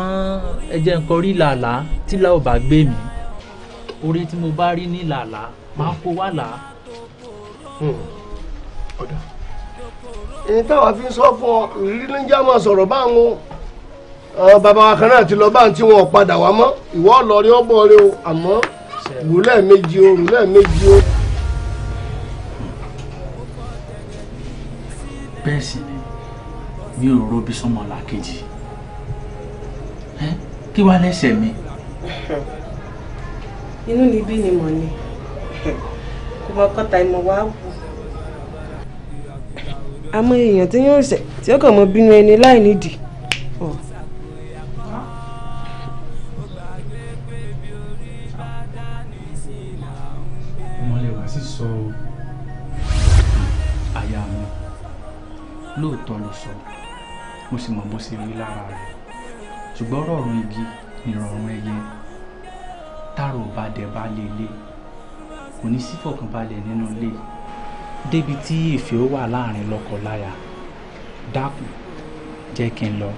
ẹ jẹ́ nǹkan rí làlá tí làá ò bá gbé mi orí tí mo bá rí ní làlá máa kó wà là. Hmm. ọ̀dà. èyí táwa fi ń sọ fún ọ ìrírí ló já máa sọ̀rọ̀ báwọn bàbá wa kan náà ti lọ bá tí wọn padà wá mọ́ ìwọ ọlọrin ọgbọ́n rẹ o àmọ́ wù lẹ́ẹ̀mejì o wù lẹ́ẹ̀mejì o. bẹ́ẹ̀ sì ni mi ò rọ́bí sọ́mọ làkejì kí wàá lẹ́sẹ̀ mi. inú ni bí ni mọ̀ ni kò mọ kọ́ta ìmọ̀ wá wù. àmọ́ èèyàn tí yóò ṣẹ̀ tí ó kàn mọ bínú ẹni láì nídìí. mo sì mọ̀ bó ṣe rí lára rẹ̀ ṣùgbọ́n rọ̀rùn igi nìrọ̀rùn ẹyẹ tààrọ̀ ò bá dẹ̀ bá lè lé kò ní sí fọ̀kànbalẹ̀ nínú ilé débi tí ìfẹ́ ó wà láàrin lọ́kọláya dákun jẹ́ kí n lọ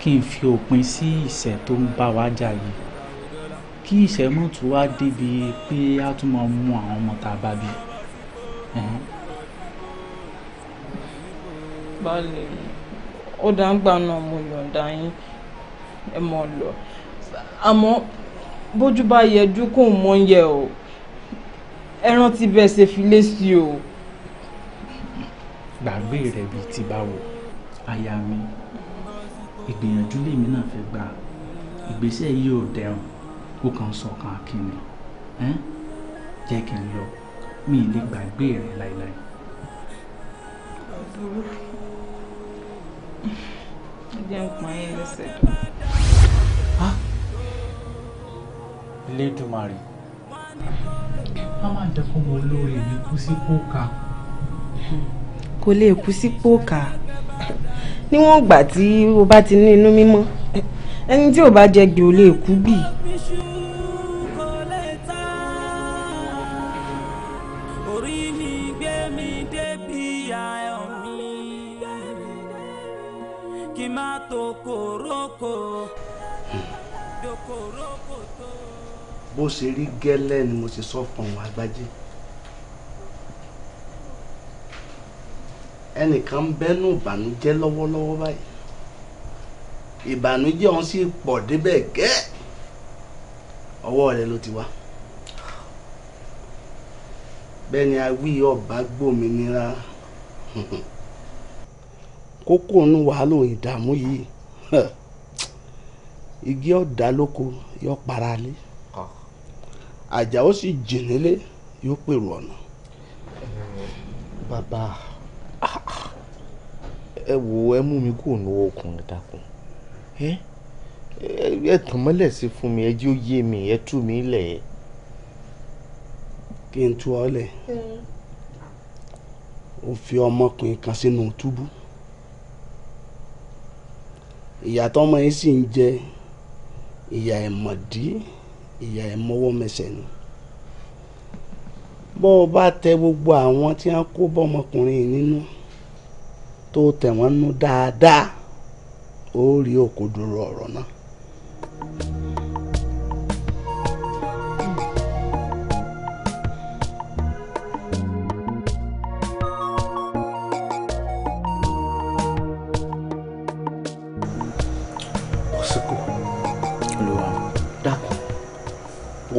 kí n fi òpin sí ìṣẹ́ tó ń bá wa jà yìí kí ìṣẹ́ mọ̀ tún wá débi pé a tún máa mú àwọn ọmọ tá a bá bí. Báyìí ó dáńgbà náà mo yọ̀ǹda yín ẹ mọ̀ lọ àmọ́ bójú bá yẹjú kò mọ̀ yẹ o ẹran ti bẹ̀ ṣe fi lé sí o. gbàgbé rẹ bíi ti báwo aya mi ìgbìyànjú lèmi náà fẹ́ gba ìgbésẹ̀ yìí ò dẹrùn ó kàn sọ̀kan akínni jẹ́ kí n lọ mi ì lè gbàgbé rẹ láéláé jẹ́ ń pọ́n yín lẹ́sẹ̀ dùn. Elédùmarè a máa jẹ́ kó mọ olóore mi kú sí pòkà. kò lè kú sí pòkà níwọ̀n ìgbà tí o bá ti ní inú mímọ́ ẹni tí ò bá jẹ gbè ò lè kú bì. bó ṣe rí gẹ́lẹ́ ni mo ṣe sọ fún àwọn agbájé ẹnìkan bẹ́nu ìbànújẹ́ lọ́wọ́lọ́wọ́ báyìí ìbànújẹ́ ọ̀hún sì pọ̀ débẹ̀ gẹ́ ọwọ́ rẹ ló ti wá bẹ́ẹ̀ ni awí ọba gbòmìnira kókó ònú wàhálà ìdààmú yìí igi ọ̀dà lóko yọ para lé àjàó sì jìn nílé yóò pèrò ọ̀nà. bàbá ẹ wo ẹ mú mi kúrò lọ́wọ́ ọkùnrin dákun ẹ tàn mọ́lẹ̀ sí fún mi ẹ jẹ́ ó yé mi ẹ tú mi lẹ̀. kí n tú ọ lẹ̀ hmm. ó fi ọmọkùnrin kan sínú túbú ìyá tọmọ yìí sì ń jẹ ìyá ẹ̀mọ̀dí. E ìyá ẹ̀ mọ́wọ́ mẹsẹ̀ nù bọ́ ọ bá tẹ gbogbo àwọn tí wọ́n kó bọ́mọkùnrin nínú tó tẹ̀ wọ́n nú dáadáa ó rí òkodoro ọ̀rọ̀ náà.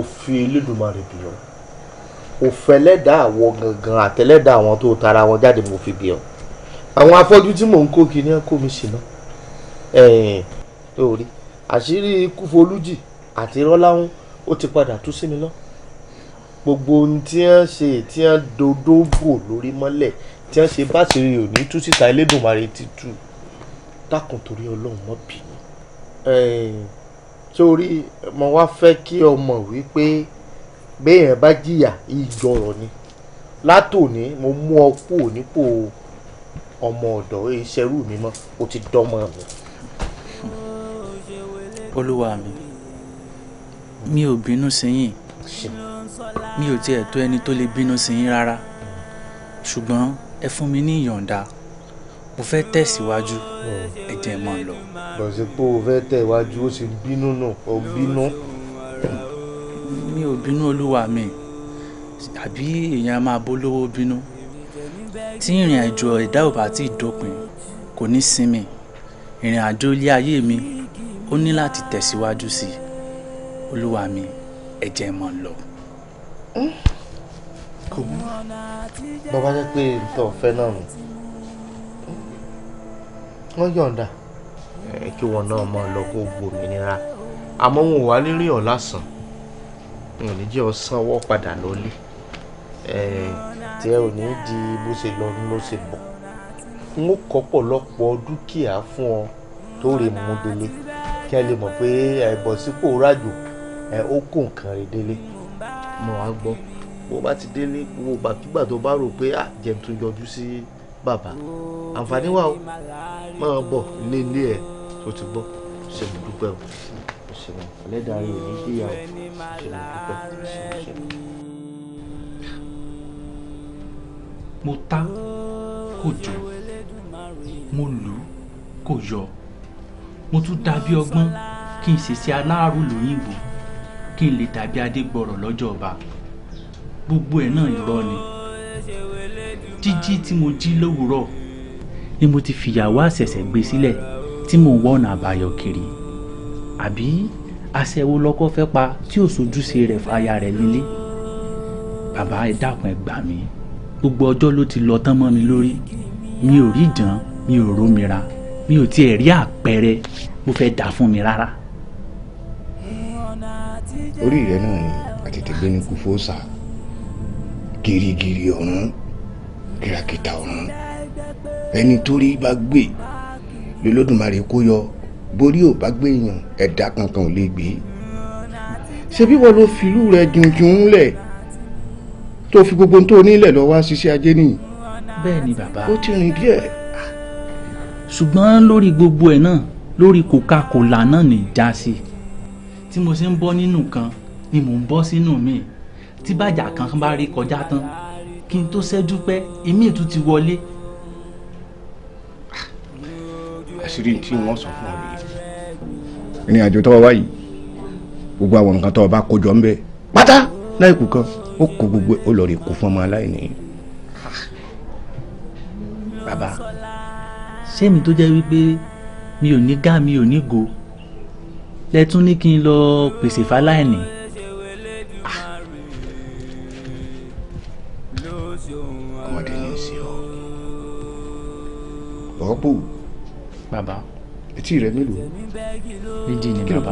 mo fi Elédùmarè bì ọ́ mo fẹlẹ́dà àwọ̀ gangan àtẹlẹ́dà àwọn tó tara wọn jáde mo fi bì ọ́ àwọn afọ́jú tí mò ń kó kiri náà kó mi sí náà ẹ̀ẹ́n lórí àṣírí ikú Folújì àti Rọ́láhùn ó ti padà tú sí mi lọ gbogbo ohun tí wọ́n ṣe tí wọ́n dodógò lórí mọ́lẹ̀ tí wọ́n ṣe bá ṣeré òní tú síta Elédùmarè ti tú dákùn torí Ọlọ́run mọ́ bì í torí mo wá fẹ́ kí o mọ̀ wípé béèyàn bá jìyà ìjọrọ̀ ni látòní mo mú ọ kú nípò ọmọ ọ̀dọ̀ ìṣerú mi mọ́ o ti dọ́mọ mi. olúwa mi mi ò bínú sí yín mi ò tiẹ̀ tó ẹni tó lè bínú sí rárá ṣùgbọ́n ẹ fún mi ní ìyọ̀ǹda mo fẹ́ tẹ̀síwájú ẹ jẹ́ mọ́ lọ. bọ̀sẹ̀ pé o fẹ́ tẹ̀ iwájú ó sì bínú náà ó bínú. mi ò bínú olúwa mi àbí èèyàn máa bólówó bínú tí ìrìn àjò ẹ̀dá ò bá tí ì dópin kò ní sinmi ìrìn àjò ilé ayé mi ó ní láti tẹ̀síwájú sí i olúwa mi ẹ jẹ́ mọ́ lọ. kò bá jẹ́ pé nǹkan ọ̀fẹ́ náà nù wọ́n yọ̀ǹda. ẹ kí wọn náà máa lọ kó gbòmìnira àmọ́ wọn ò wá lérí ọ̀ lásán wọn ò ní jẹ́ ọ sanwó padà lọ́lé tí ẹ ò ní di bó ṣe lọ ló ṣe bọ̀ n ó kọ́pọ̀lọpọ̀ dúkìá fún ọ tó rè mú délé kí ẹ lè mọ̀ pé ẹ̀bọ̀ sípò rájò ẹ̀ ó kó nǹkan rè délé mo wá gbọ́ bó bá ti délé gbogbo gbàkigbà tó bá rò pé à tó yọjú sí bàbá àǹfààní wà ó máa bọ̀ ní ilé ẹ̀ tó ti gbọ́ ṣe mo dúpẹ́ o ṣe mo ẹlẹ́dàá rẹ̀ ò ní ṣíyà o ṣe mo dúpẹ́ ṣe mo ṣe mo. mo ta kò jò mo lù ú kò yọ mo tún dàbí ọgbọ́n kí n ṣèṣe aláàrú lóyìnbó kí n lè dàbí adégbọrọ̀ lọ́jọ́ ọba gbogbo ẹ̀ náà irọ́ ni jíjí tí mo jí lówùúrọ̀ ni mo ti fìyàwó àṣẹ̀ṣẹ̀ gbé sílẹ̀ tí mò ń wá àbáyọ kiri àbí aṣẹ́wó lọ́kọ fẹ́ pa tí ò sojúṣe rẹ̀ fàyà rẹ̀ nílé bàbá ẹ dákun ẹ gbà mí gbogbo ọjọ́ ló ti lọ tán mọ́ mi lórí mi ò rí ìdán mi ò rómira mi ò tiẹ̀ rí àpẹẹrẹ mo fẹ́ dà fún mi rárá. orí rẹ náà ni àtètè gbé ní kúfóòsà gírígírí ọ̀run kìràkìtà ọ̀run ẹni torí bá gbé lọ́lọ́dúnmarè kó yọ borí ò bá gbé èèyàn ẹ̀dá kankan ò lè gbé ṣebí wọ́n ló fìlú rẹ̀ jùnjùn lẹ̀ tó fi gbogbo tó nílẹ̀ lọ wá ṣiṣẹ́ ajé nìyí. bẹ́ẹ̀ ni bàbá ó ti rìn díẹ̀. ṣùgbọ́n lórí gbogbo ẹ̀ náà lórí coca-cola náà ní já sí tí mo ṣe ń bọ́ nínú kan ni mò ń bọ́ sínú mi tí bàjá kan bá rí kọjá tán kí n tó ṣẹ́jú pẹ́ èmi ìtú ti wọlé. àṣírí tí wọ́n sọ fún ọ rèé. ìrìn àjò tọ́wọ́ wáyìí gbogbo àwọn nǹkan tọ́wọ́ bá kójọ ń bẹ pátá láì kú kan ó kó gbogbo ó lọ rè kó fún ọmọ aláìní. bàbá. sẹ́mi tó jẹ́ wípé mi ò ní gá mi ò ní go lẹ́tún ní kí n lọ pèsè fáláìní. rọ́pò. bàbá. etí rẹ mélòó. méjì ni bàbá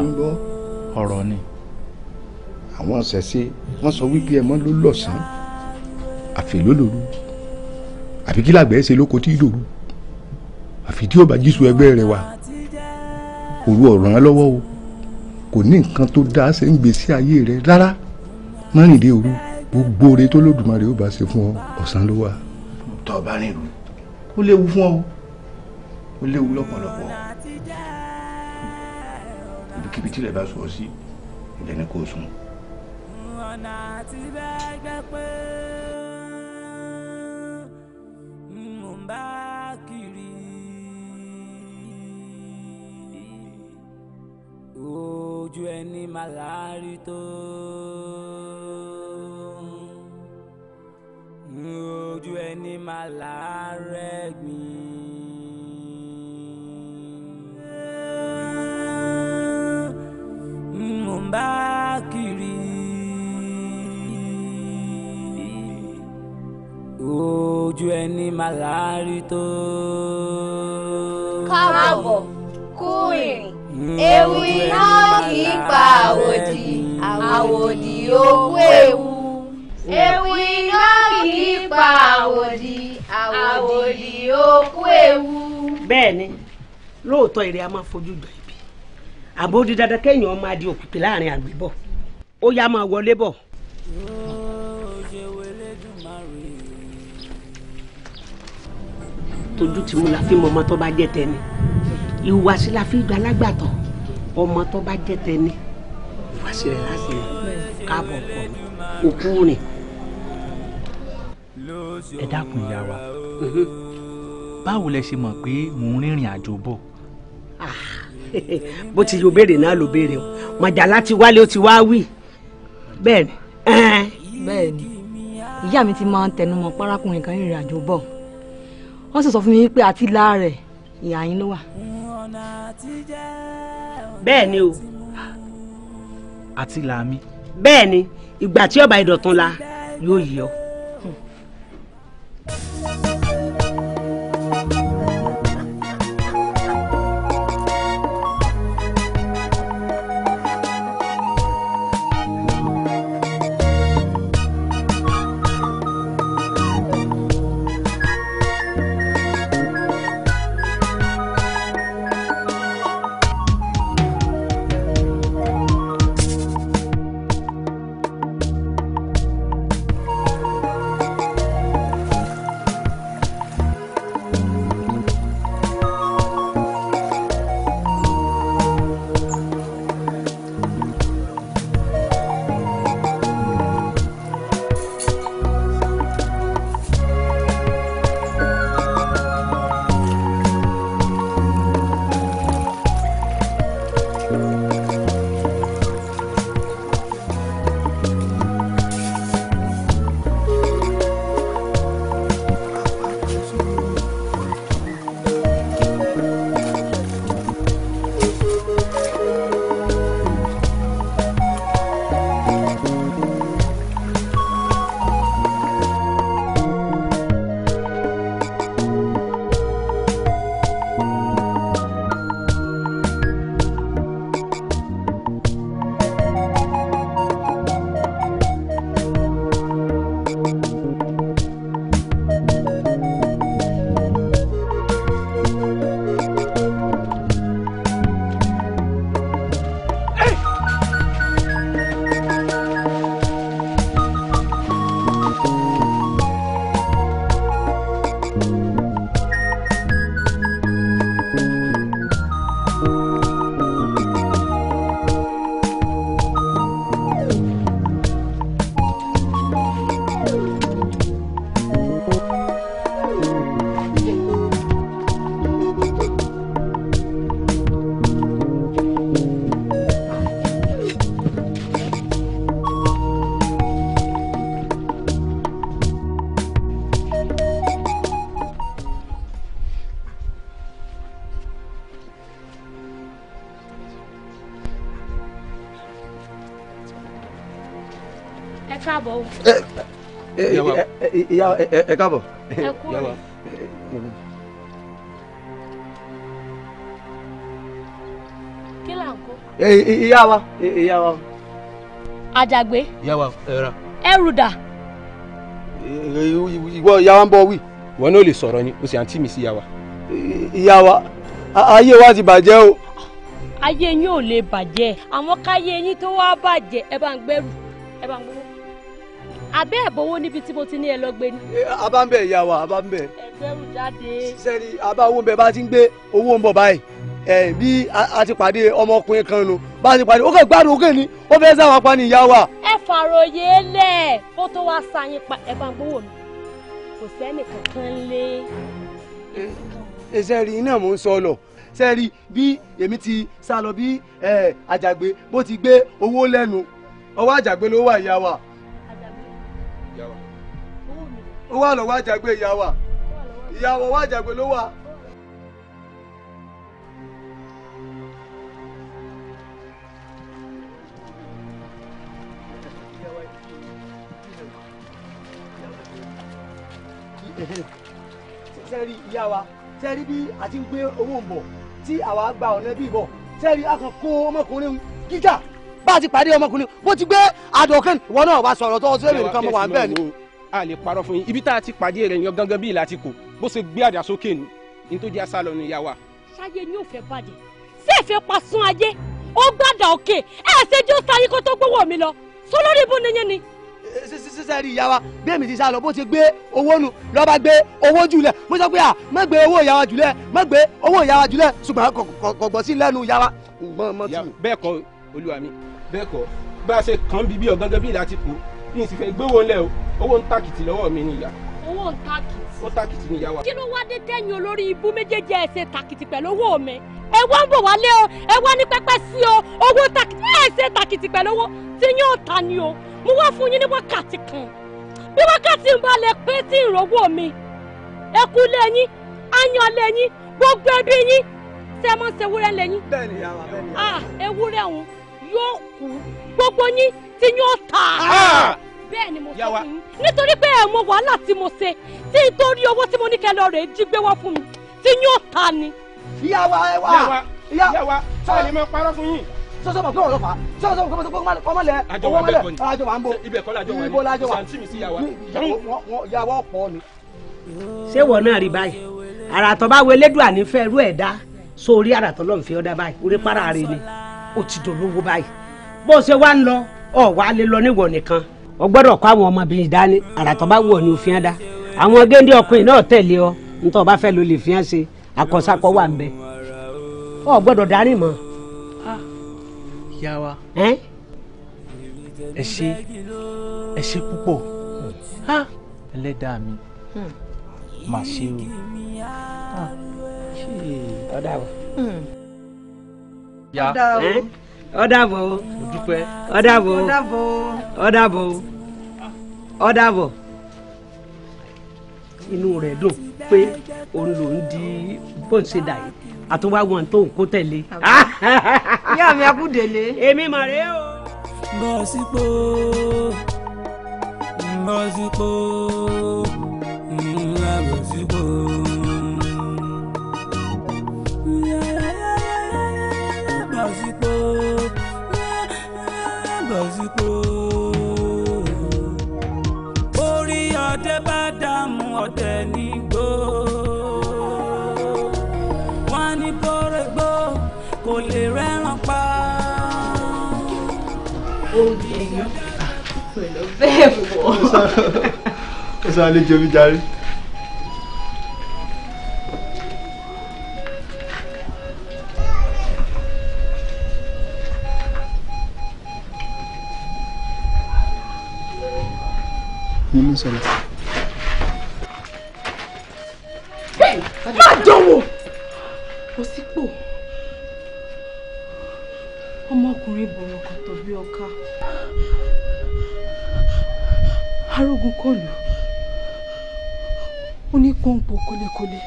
ọ̀rọ̀ ni. àwọn ṣẹ̀ṣe wọ́n sọ wípé ẹ mọ́ ló lọ̀sán àfi ló lòru àfi kí làgbẹ́ ṣe lóko tí lòru àfi tí ó bá jísù ẹgbẹ́ rẹ wá òru ọ̀ràn án lọ́wọ́ o kò ní nǹkan tó dáa ṣe ń gbèsè ayé rẹ rárá má rìn dé òru gbogbo oore tó lódùmarè ó bá ṣe fún ọ ọ̀sán ló wà. tọ́ bá rìn rú ó léwu fún ọ ó léwu lọ́pọ̀lọpọ̀ ibikíbi tí ilẹ̀ bá sọ sí ilẹ̀ ni kò sùn. ọ̀nà àti bẹ́ẹ̀ gbẹ́ pé mò ń bá kiri ojú ẹni màlárí tó. ojú ẹni màlá rẹ̀ gbìn. ń bá kiri. ojú ẹni máa láárí tó. káàbọ̀ kú ìrìn hmm. ewì náà kì í pa àwòdì àwòdì òkú ewu ewì náà kì í pa àwòdì àwòdì òkú ewu. bẹ́ẹ̀ ni lóòótọ́ èrè a máa fojú jọ àbódi dandan kéèyàn máa di òkùnkùn láàrin àgbébọ̀ ó yá máa wọlé bọ̀. tójú tìmú la fi mọ ọmọ tó bá jẹ tẹni ìhùwàsí la fi gba alágbàtọ́ ọmọ tó bá jẹ tẹni ìhùwàsí rẹ láti rìn káàbọ̀ kọ òkú rìn. ẹ dákun ìyá wa báwo lẹ ṣe mọ̀ pé mò ń rìnrìn àjò bọ̀. bó ti yọ béèrè náà ló béèrè o màjàlá ti wálé ó ti wá wí bẹ́ẹ̀ ni. bẹ́ẹ̀ ni ìyá mi ti máa ń tẹnu mọ́ párákùnrin kan ìrìn àjò bọ̀ wọ́n sì sọ fún mi pé àti láàrẹ̀ ìyá yín ló wà. bẹ́ẹ̀ ni o. àti làámi. bẹ́ẹ̀ ni ìgbà tí ọba ìdọ̀tún la yóò yí ọ. ìyá ẹ káàbọ̀. kí là ń kó. ìyá wa ìyá wa. àjàgbé. ìyá bọ̀ ni o sì àǹtí mi ti bàjẹ́ o. ayé yín lè bàjẹ́ àmọ́ káyé yín àbẹ́ ẹ̀bọ̀wó níbi tí mo ti ní ẹ lọ gbé ni. abá ń bẹ̀ ìyá wa abá ń bẹ̀. ẹgbẹ́rún jáde. sẹ́ni abá owó ń bẹ bá ti ń gbé owó ń bọ̀ báyìí ẹ bí a ti pàdé ọmọkùnrin kan nu bá a ti pàdé ó kàn gbádùn òkè ni ó fẹ́ sáwọn apá ni ìyá wa. ẹ fàròyé lẹ kó tó wá sáyìn pa ẹ bá ń gbówó mi kò sẹ́ni kankan lé. ìṣẹ́rí iná mò ń sọ lọ sẹ́rí bí èmi ti sá lọ bí àjàgbé bó ti gbé owó lẹ́nu ọwọ́ àjàgbé ló wà ìyá wa ó wà lọ́wọ́ àjàgbé ìyàwó ìyàwó wà àjàgbé ló wà. sẹ́rí ìyá wa sẹ́rí bí a ti ń gbé owó ń bọ̀ tí àwa gba ọ̀nà bí bọ̀ sẹ́rí a kó ọmọkùnrin gíga bá a ti pàdé ọmọkùnrin bó ti gbé àdọ̀kẹ́ ìwọ náà wá sọ̀rọ̀ tó ọ sí nìkan mọ̀ wá ń ni a lè parọ́ fún yín ibi tá a ti pàdé rẹ̀ yan gangan bíi láti kò bó ṣe gbé àdá sókè ni ní tó jẹ́ asálọ nu ìyá wa. ṣáyé ni ò fẹ́ bàjẹ́ ṣé ẹ fẹ́ pa sún ayé ó gbàdà òkè ẹ ṣe jó sáyé kó tó gbówó mi lọ sólórí ibú nìyẹn ni. sísẹ́ eh, rí ìyá wa bí èmi ti sá lọ bó ti gbé owó nu lọ́ba gbé owó jùlẹ̀ mo sọ pé à má gbé owó ìyá wa jùlẹ̀ má gbé owó ìyá wa jùlẹ̀ ṣùgbọ́n kọ̀gbọ́n sí lẹ́nu ìyá wa. bẹ́ẹ̀ kọ́ olúwa mi bẹ́ẹ̀ kọ́ bá a ṣe kàn bíbí ọ̀gángán bíi láti kú mi sì fẹ́ gbéwò lẹ̀ o owó ń tàkìtì lọ́wọ́ mi ni ìyá. owó ń tàkìtì. ó tàkìtì ni ìyá wa. kí ló wá dé tẹ́yìn olórí ibú méjèèjì ẹ̀ ṣe tàkìtì pẹ̀lú owó mi ẹ wá ń bọ̀ wálé o ẹ wá ní pẹ́pẹ́ sí o owó tàkìtì ẹ̀ ṣe tàkìtì pẹ̀lú owó tí yóò ta ni o mo wá fún yín ní wákàtí kan bí wákàtí ń bá lè pé tí ìrọ̀wọ́ mi ẹkú lẹ́yìn ayan lẹ́yìn gbogbo ẹbí yín sẹ́mọ́sẹ́wúrẹ́ ah, ewúrẹ́ òun gbogbo yín tí yóò tà. bẹ́ẹ̀ ni mo sọ fún yín nítorí pé ẹ̀ mọ wàhálà tí mo ṣe tí n tó rí owó tí mo ní kẹ́ lọ rèé jí gbé wá fún mi tí yóò tà ni. ìyá wa ẹ wá ìyá wa sọ̀rọ̀ ni mo parọ́ fún yín sọsọ ma fún ọ̀rọ̀ fa sọsọ ma fún ọmọ lẹ ọmọ lẹ ọmọ lẹ àjọ wa ń bọ ibẹ̀ kọ́ lajọ wa ni ibo lajọ wa ìyàwó ọ̀pọ̀ ni. ṣé wọn náà rí báyìí àràtọ̀ bá wo elédùn ànífẹ́ rú ẹ̀ dá sórí àràtọ̀ lọ́nfẹ́ ọ̀dá báyìí orí para rẹ ni ó ti dolówó báyìí. bó ṣe wá ń lọ ọ lè lọ níwọ nìkan ọ gbọ́dọ̀ kó àwọn ọmọbìnrin dání àràtọ̀ bá wù ọ ní òfin àwọn géńdé ọkùnrin náà tẹ̀lé ọ nítorí ọba fẹ́ ló lè fi hàn wà ń ọ gbọ́dọ̀ darí mọ́. Ah, ọ̀dàbọ̀ o ọ̀dàbọ̀ o ọ̀dàbọ̀ o ọ̀dàbọ̀ inú rẹ̀ dùn pé òun lòún di bóun ṣe dà yìí àtúwáwọn tó ń kó tẹ̀lé. yá mi akúdélé. èmi mà rè o. bọ́sípò bọ́sípò ńlá bọ́sípò. àsìkò. orí ọdẹ bá dààmú ọdẹ nígbó. wọ́n ní bórègbó kò lè rẹ́ràn pa. obìnrin ah, pẹ̀lú bẹ́ẹ̀ wọ̀. ó sọ àlejò mi darí. mo ní sọlá. máa dánwò kò sípò ọmọkùnrin bọ̀rọ̀ kan tó bí ọká arógun kọlù ó ní pọ́ǹpù kólékólé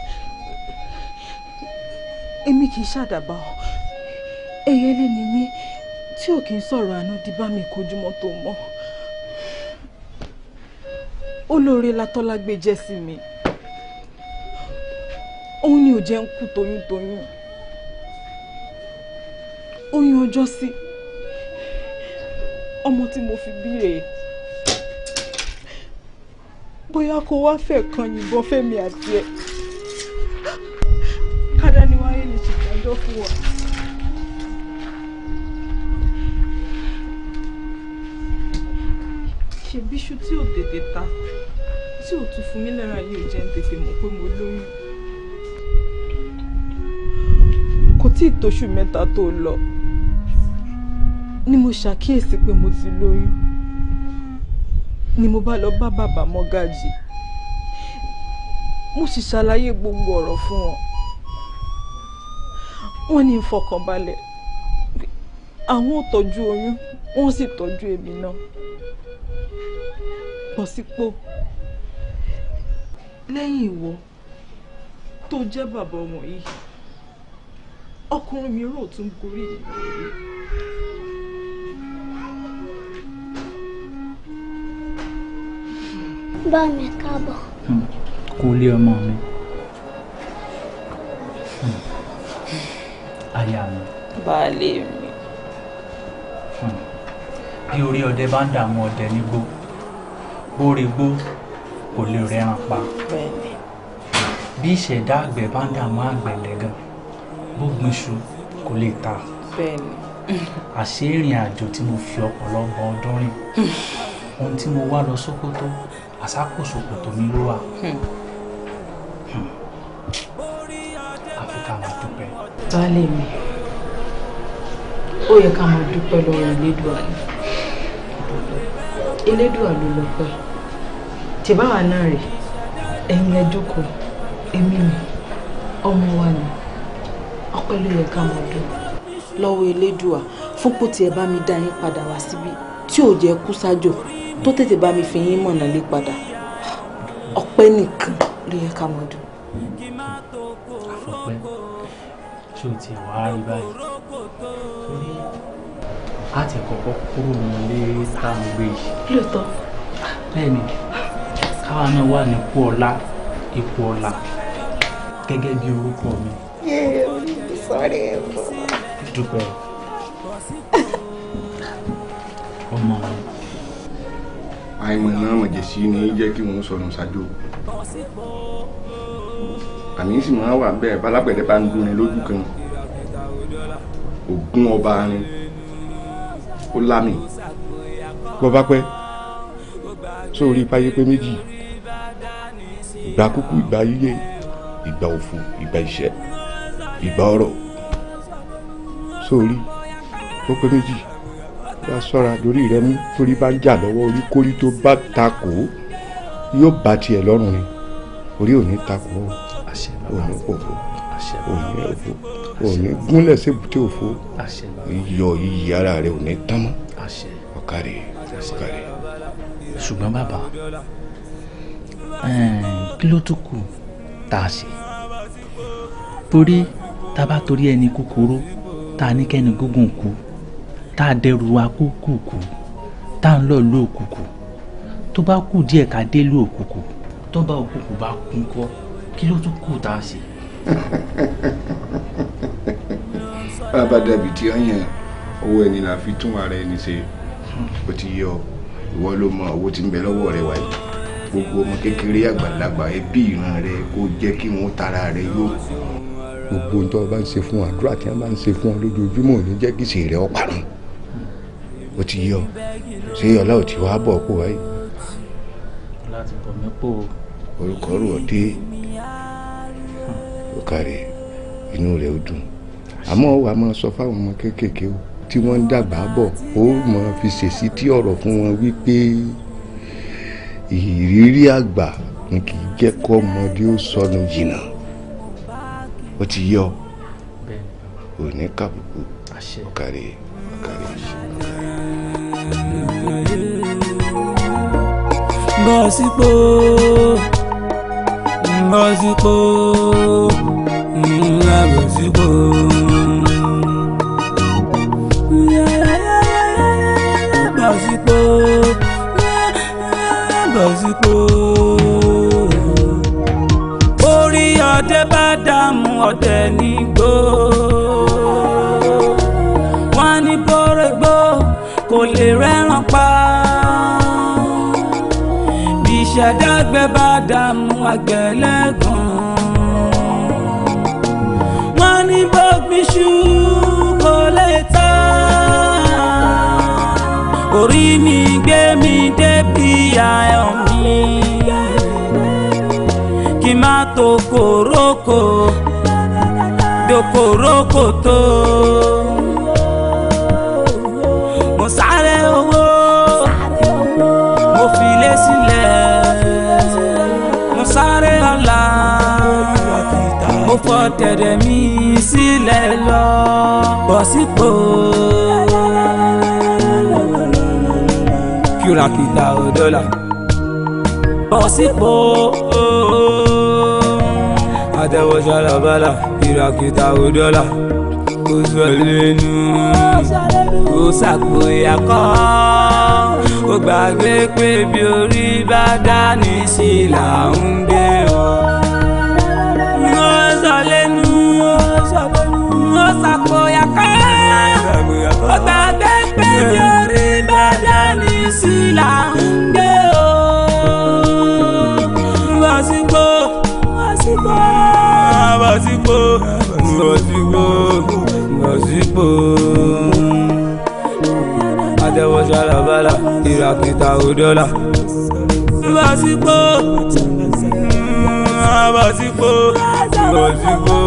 èmi kì í ṣàdàbà ọ ẹyẹlé ni mí tí ò kì í sọ̀rọ̀ àná di bá mi kojú mọ́ tó mọ́ olóore latọ́lá gbé jẹ́ sí mi òun ni ò jẹ́ ń kú toyúntoyún oyún ọjọ́ sí ọmọ tí mo fi bí rèé bóyá kó wá fẹ́ kan yìnbọn fẹ́mi àti ẹ̀ kádá ni wáyé lè ṣèdájọ́ fún wa. ṣebíṣu tí ò tètè ta tí ò tún fún mi lára yìí ò jẹ́ ń tètè mọ̀ pé mo lóyún. kò tí ì tóṣù mẹ́ta tó lọ ni mo ṣàkíyèsí pé mo ti lóyún ni mo bá lọ bá bàbá mọ́gájì mo sì ṣàlàyé gbogbo ọ̀rọ̀ fún wọn wọ́n ní ìfọkànbalẹ̀ àwọn ò tọ́jú oyún wọ́n sì tọ́jú èmi náà pọ̀ sípò. Si lẹ́yìn ìwọ tó jẹ́ bàbá ọmọ yìí ọkùnrin mìíràn ò tún gorí yìí. bá mi káàbọ̀. Hmm. kú ilé ọmọ mi hmm. aya mi. baálé mi. Hmm. bí orí ọdẹ bá ń dààmú ọdẹ nígbó bó rí gbó kò lè rẹran pa bí ìṣẹ̀dá àgbẹ̀ bá ń dààmú àgbẹ̀ lẹ́gàn bó gbinṣu kò lè ta àṣé ìrìn àjò tí mo fi ọ̀pọ̀lọpọ̀ ọdún rìn ohun tí mo wá lọ Sókótó àsákòsòkòtò mi ló wà hmm. hmm. àfi ká máa dúpẹ́. baálé mi ó yẹ ká máa dúpẹ́ lọ́wọ́ Elédùà ni Elédùà ló lọ́pẹ́ tí báwa náà rè ẹ̀yin ẹ jókòó èmi ni ọmọ wa ni ọpẹ́ ló yẹ ká máa dùn lọ́wọ́ elédùà fúnpọ̀ tí ẹ bá mi dá yín padà wá síbí tí ò jẹ́ kú sájò tó tètè bá mi fi yín mọ̀nà lé padà ọpẹ́ nìkan ló yẹ ká máa dùn. àfọ̀pẹ́ ṣé o ti wá rí báyìí torí a ti kọ́kọ́ kúrò nílé tá a ń gbé yìí. lóòótọ́. bẹ́ẹ̀ ni káwa náà wà nípò ọlá ipò ọlá gẹ́gẹ́ bí orúkọ mi. yé olùdí sọ̀rọ̀ ẹ̀ bọ̀. dúpẹ́ ọmọ mi. àìmọ̀ náà mọ̀jẹ̀sí ni jẹ́ kí wọ́n sọnù ṣáájú àmì sì máa wà bẹ́ẹ̀ balápẹ̀dẹ̀ bá ń dúnni lójú kan ògún ọba ni ó lámì bọ́ bá pẹ́ sórí páyé pé méjì ìgbà kúkú ìgbà yíyé ìgbà òfò ìgbà ìṣẹ́ ìgbà ọ̀rọ̀ sórí ó pé méjì wá sọ́ra lórí rẹ mú torí bá ń jà lọ́wọ́ orí kórí tó bá takò yóò bá tiẹ̀ lọ́rùn ni orí ò ní takò ò ní pòfo ò ní òfo ò ní gúnlẹ̀ sébùté òfo iyọ̀ iyì ara rẹ ò ní tán mọ́ ọ̀kàrẹ̀ ṣùgbọ́n bàbá ẹ̀ẹ́n kí ló tún kù tá a ṣe torí tá a bá torí ẹni kúkúrú tá a ní kẹ́ni gúngùn kú tá a dẹrù wa kúkúkú tá a ń lọ lú òkùnkùn tó bá kù díẹ̀ ká dé lú òkùnkùn tó bá òkùnkùn bá kún kọ́ kí ló tún kù tá a ṣe. bàbá dàbí tí ó yàn owó ẹni là fi tún ara ẹni ṣe ó ti yọ ìwọ ló mọ owó tí ń bẹ lọ́wọ́ rẹ wáyé gbogbo ọmọ kékeré àgbàlagbà ẹbí ìran rẹ kó jẹ́ kí wọ́n tara rẹ yó. gbogbo ohun bá ń ṣe fún wa àdúrà tí wọ́n bá ń ṣe fún ọ lójoojúmọ́ ní jẹ́ kí ìṣe rẹ ó ti yọ ṣé ọlá ò ti wá bọ̀ kó wáyé. láti bọ̀ mẹ́pò. orúkọ rò ó dé ó inú rẹ̀ ó dùn àmọ́ wàá máa sọ fáwọn ọmọ kéékèèké tí wọ́n ń dàgbà bọ̀ ó máa fi ṣèṣí tí ọ̀rọ̀ fún wọn wípé ìrírí àgbà ni kì í jẹ́ kó ọmọdé ó sọnù jìnnà ó ti yọ ò ní kàbùkù ọ̀kàrẹ̀ ọ̀kàrẹ̀ ọ̀kàrẹ̀. bọ́sípò bọ́sípò ńlá bọ́sípò. lásìkò. orí ọdẹ bá dààmú ọdẹ nígbó. wọ́n ní bórègbó kò lè rẹ́ràn pa. bí ìṣẹ̀dágbẹ́ bá dààmú àgbẹ̀lẹ́gàn. wọ́n ní bọ́gbíṣú. jí mi gbé mi débi ayọ̀ mi kí má tó kòrókò dòkòrókò tó. mo sáré owó mo filé sílẹ̀ mo sáré ọ̀la mo fọ tẹ̀rẹ̀ mi sílẹ̀ lọ bọ̀ sípò. kìràkìtà ọ̀dọ́là bọ́ sípò àtẹ̀wọ̀ ṣàlàbàlà kìràkìtà ọ̀dọ́là kò sọ lẹ́nu kò sàpòyà kọ́ ó gbàgbé pé bí orí bá dání sí là ń gbé o. ó sọ lẹ́nu ó sàpòyà kọ́ ó gbàgbé là ń gbé o. Bàsíkò Bàsíkò Bàsíkò Bàsíkò Bàsíkò. Àtẹ̀wọ́ ṣàlàbàlà, ìràkìtà òdọ́là. Bàsíkò Bàsíkò Bàsíkò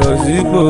Bàsíkò.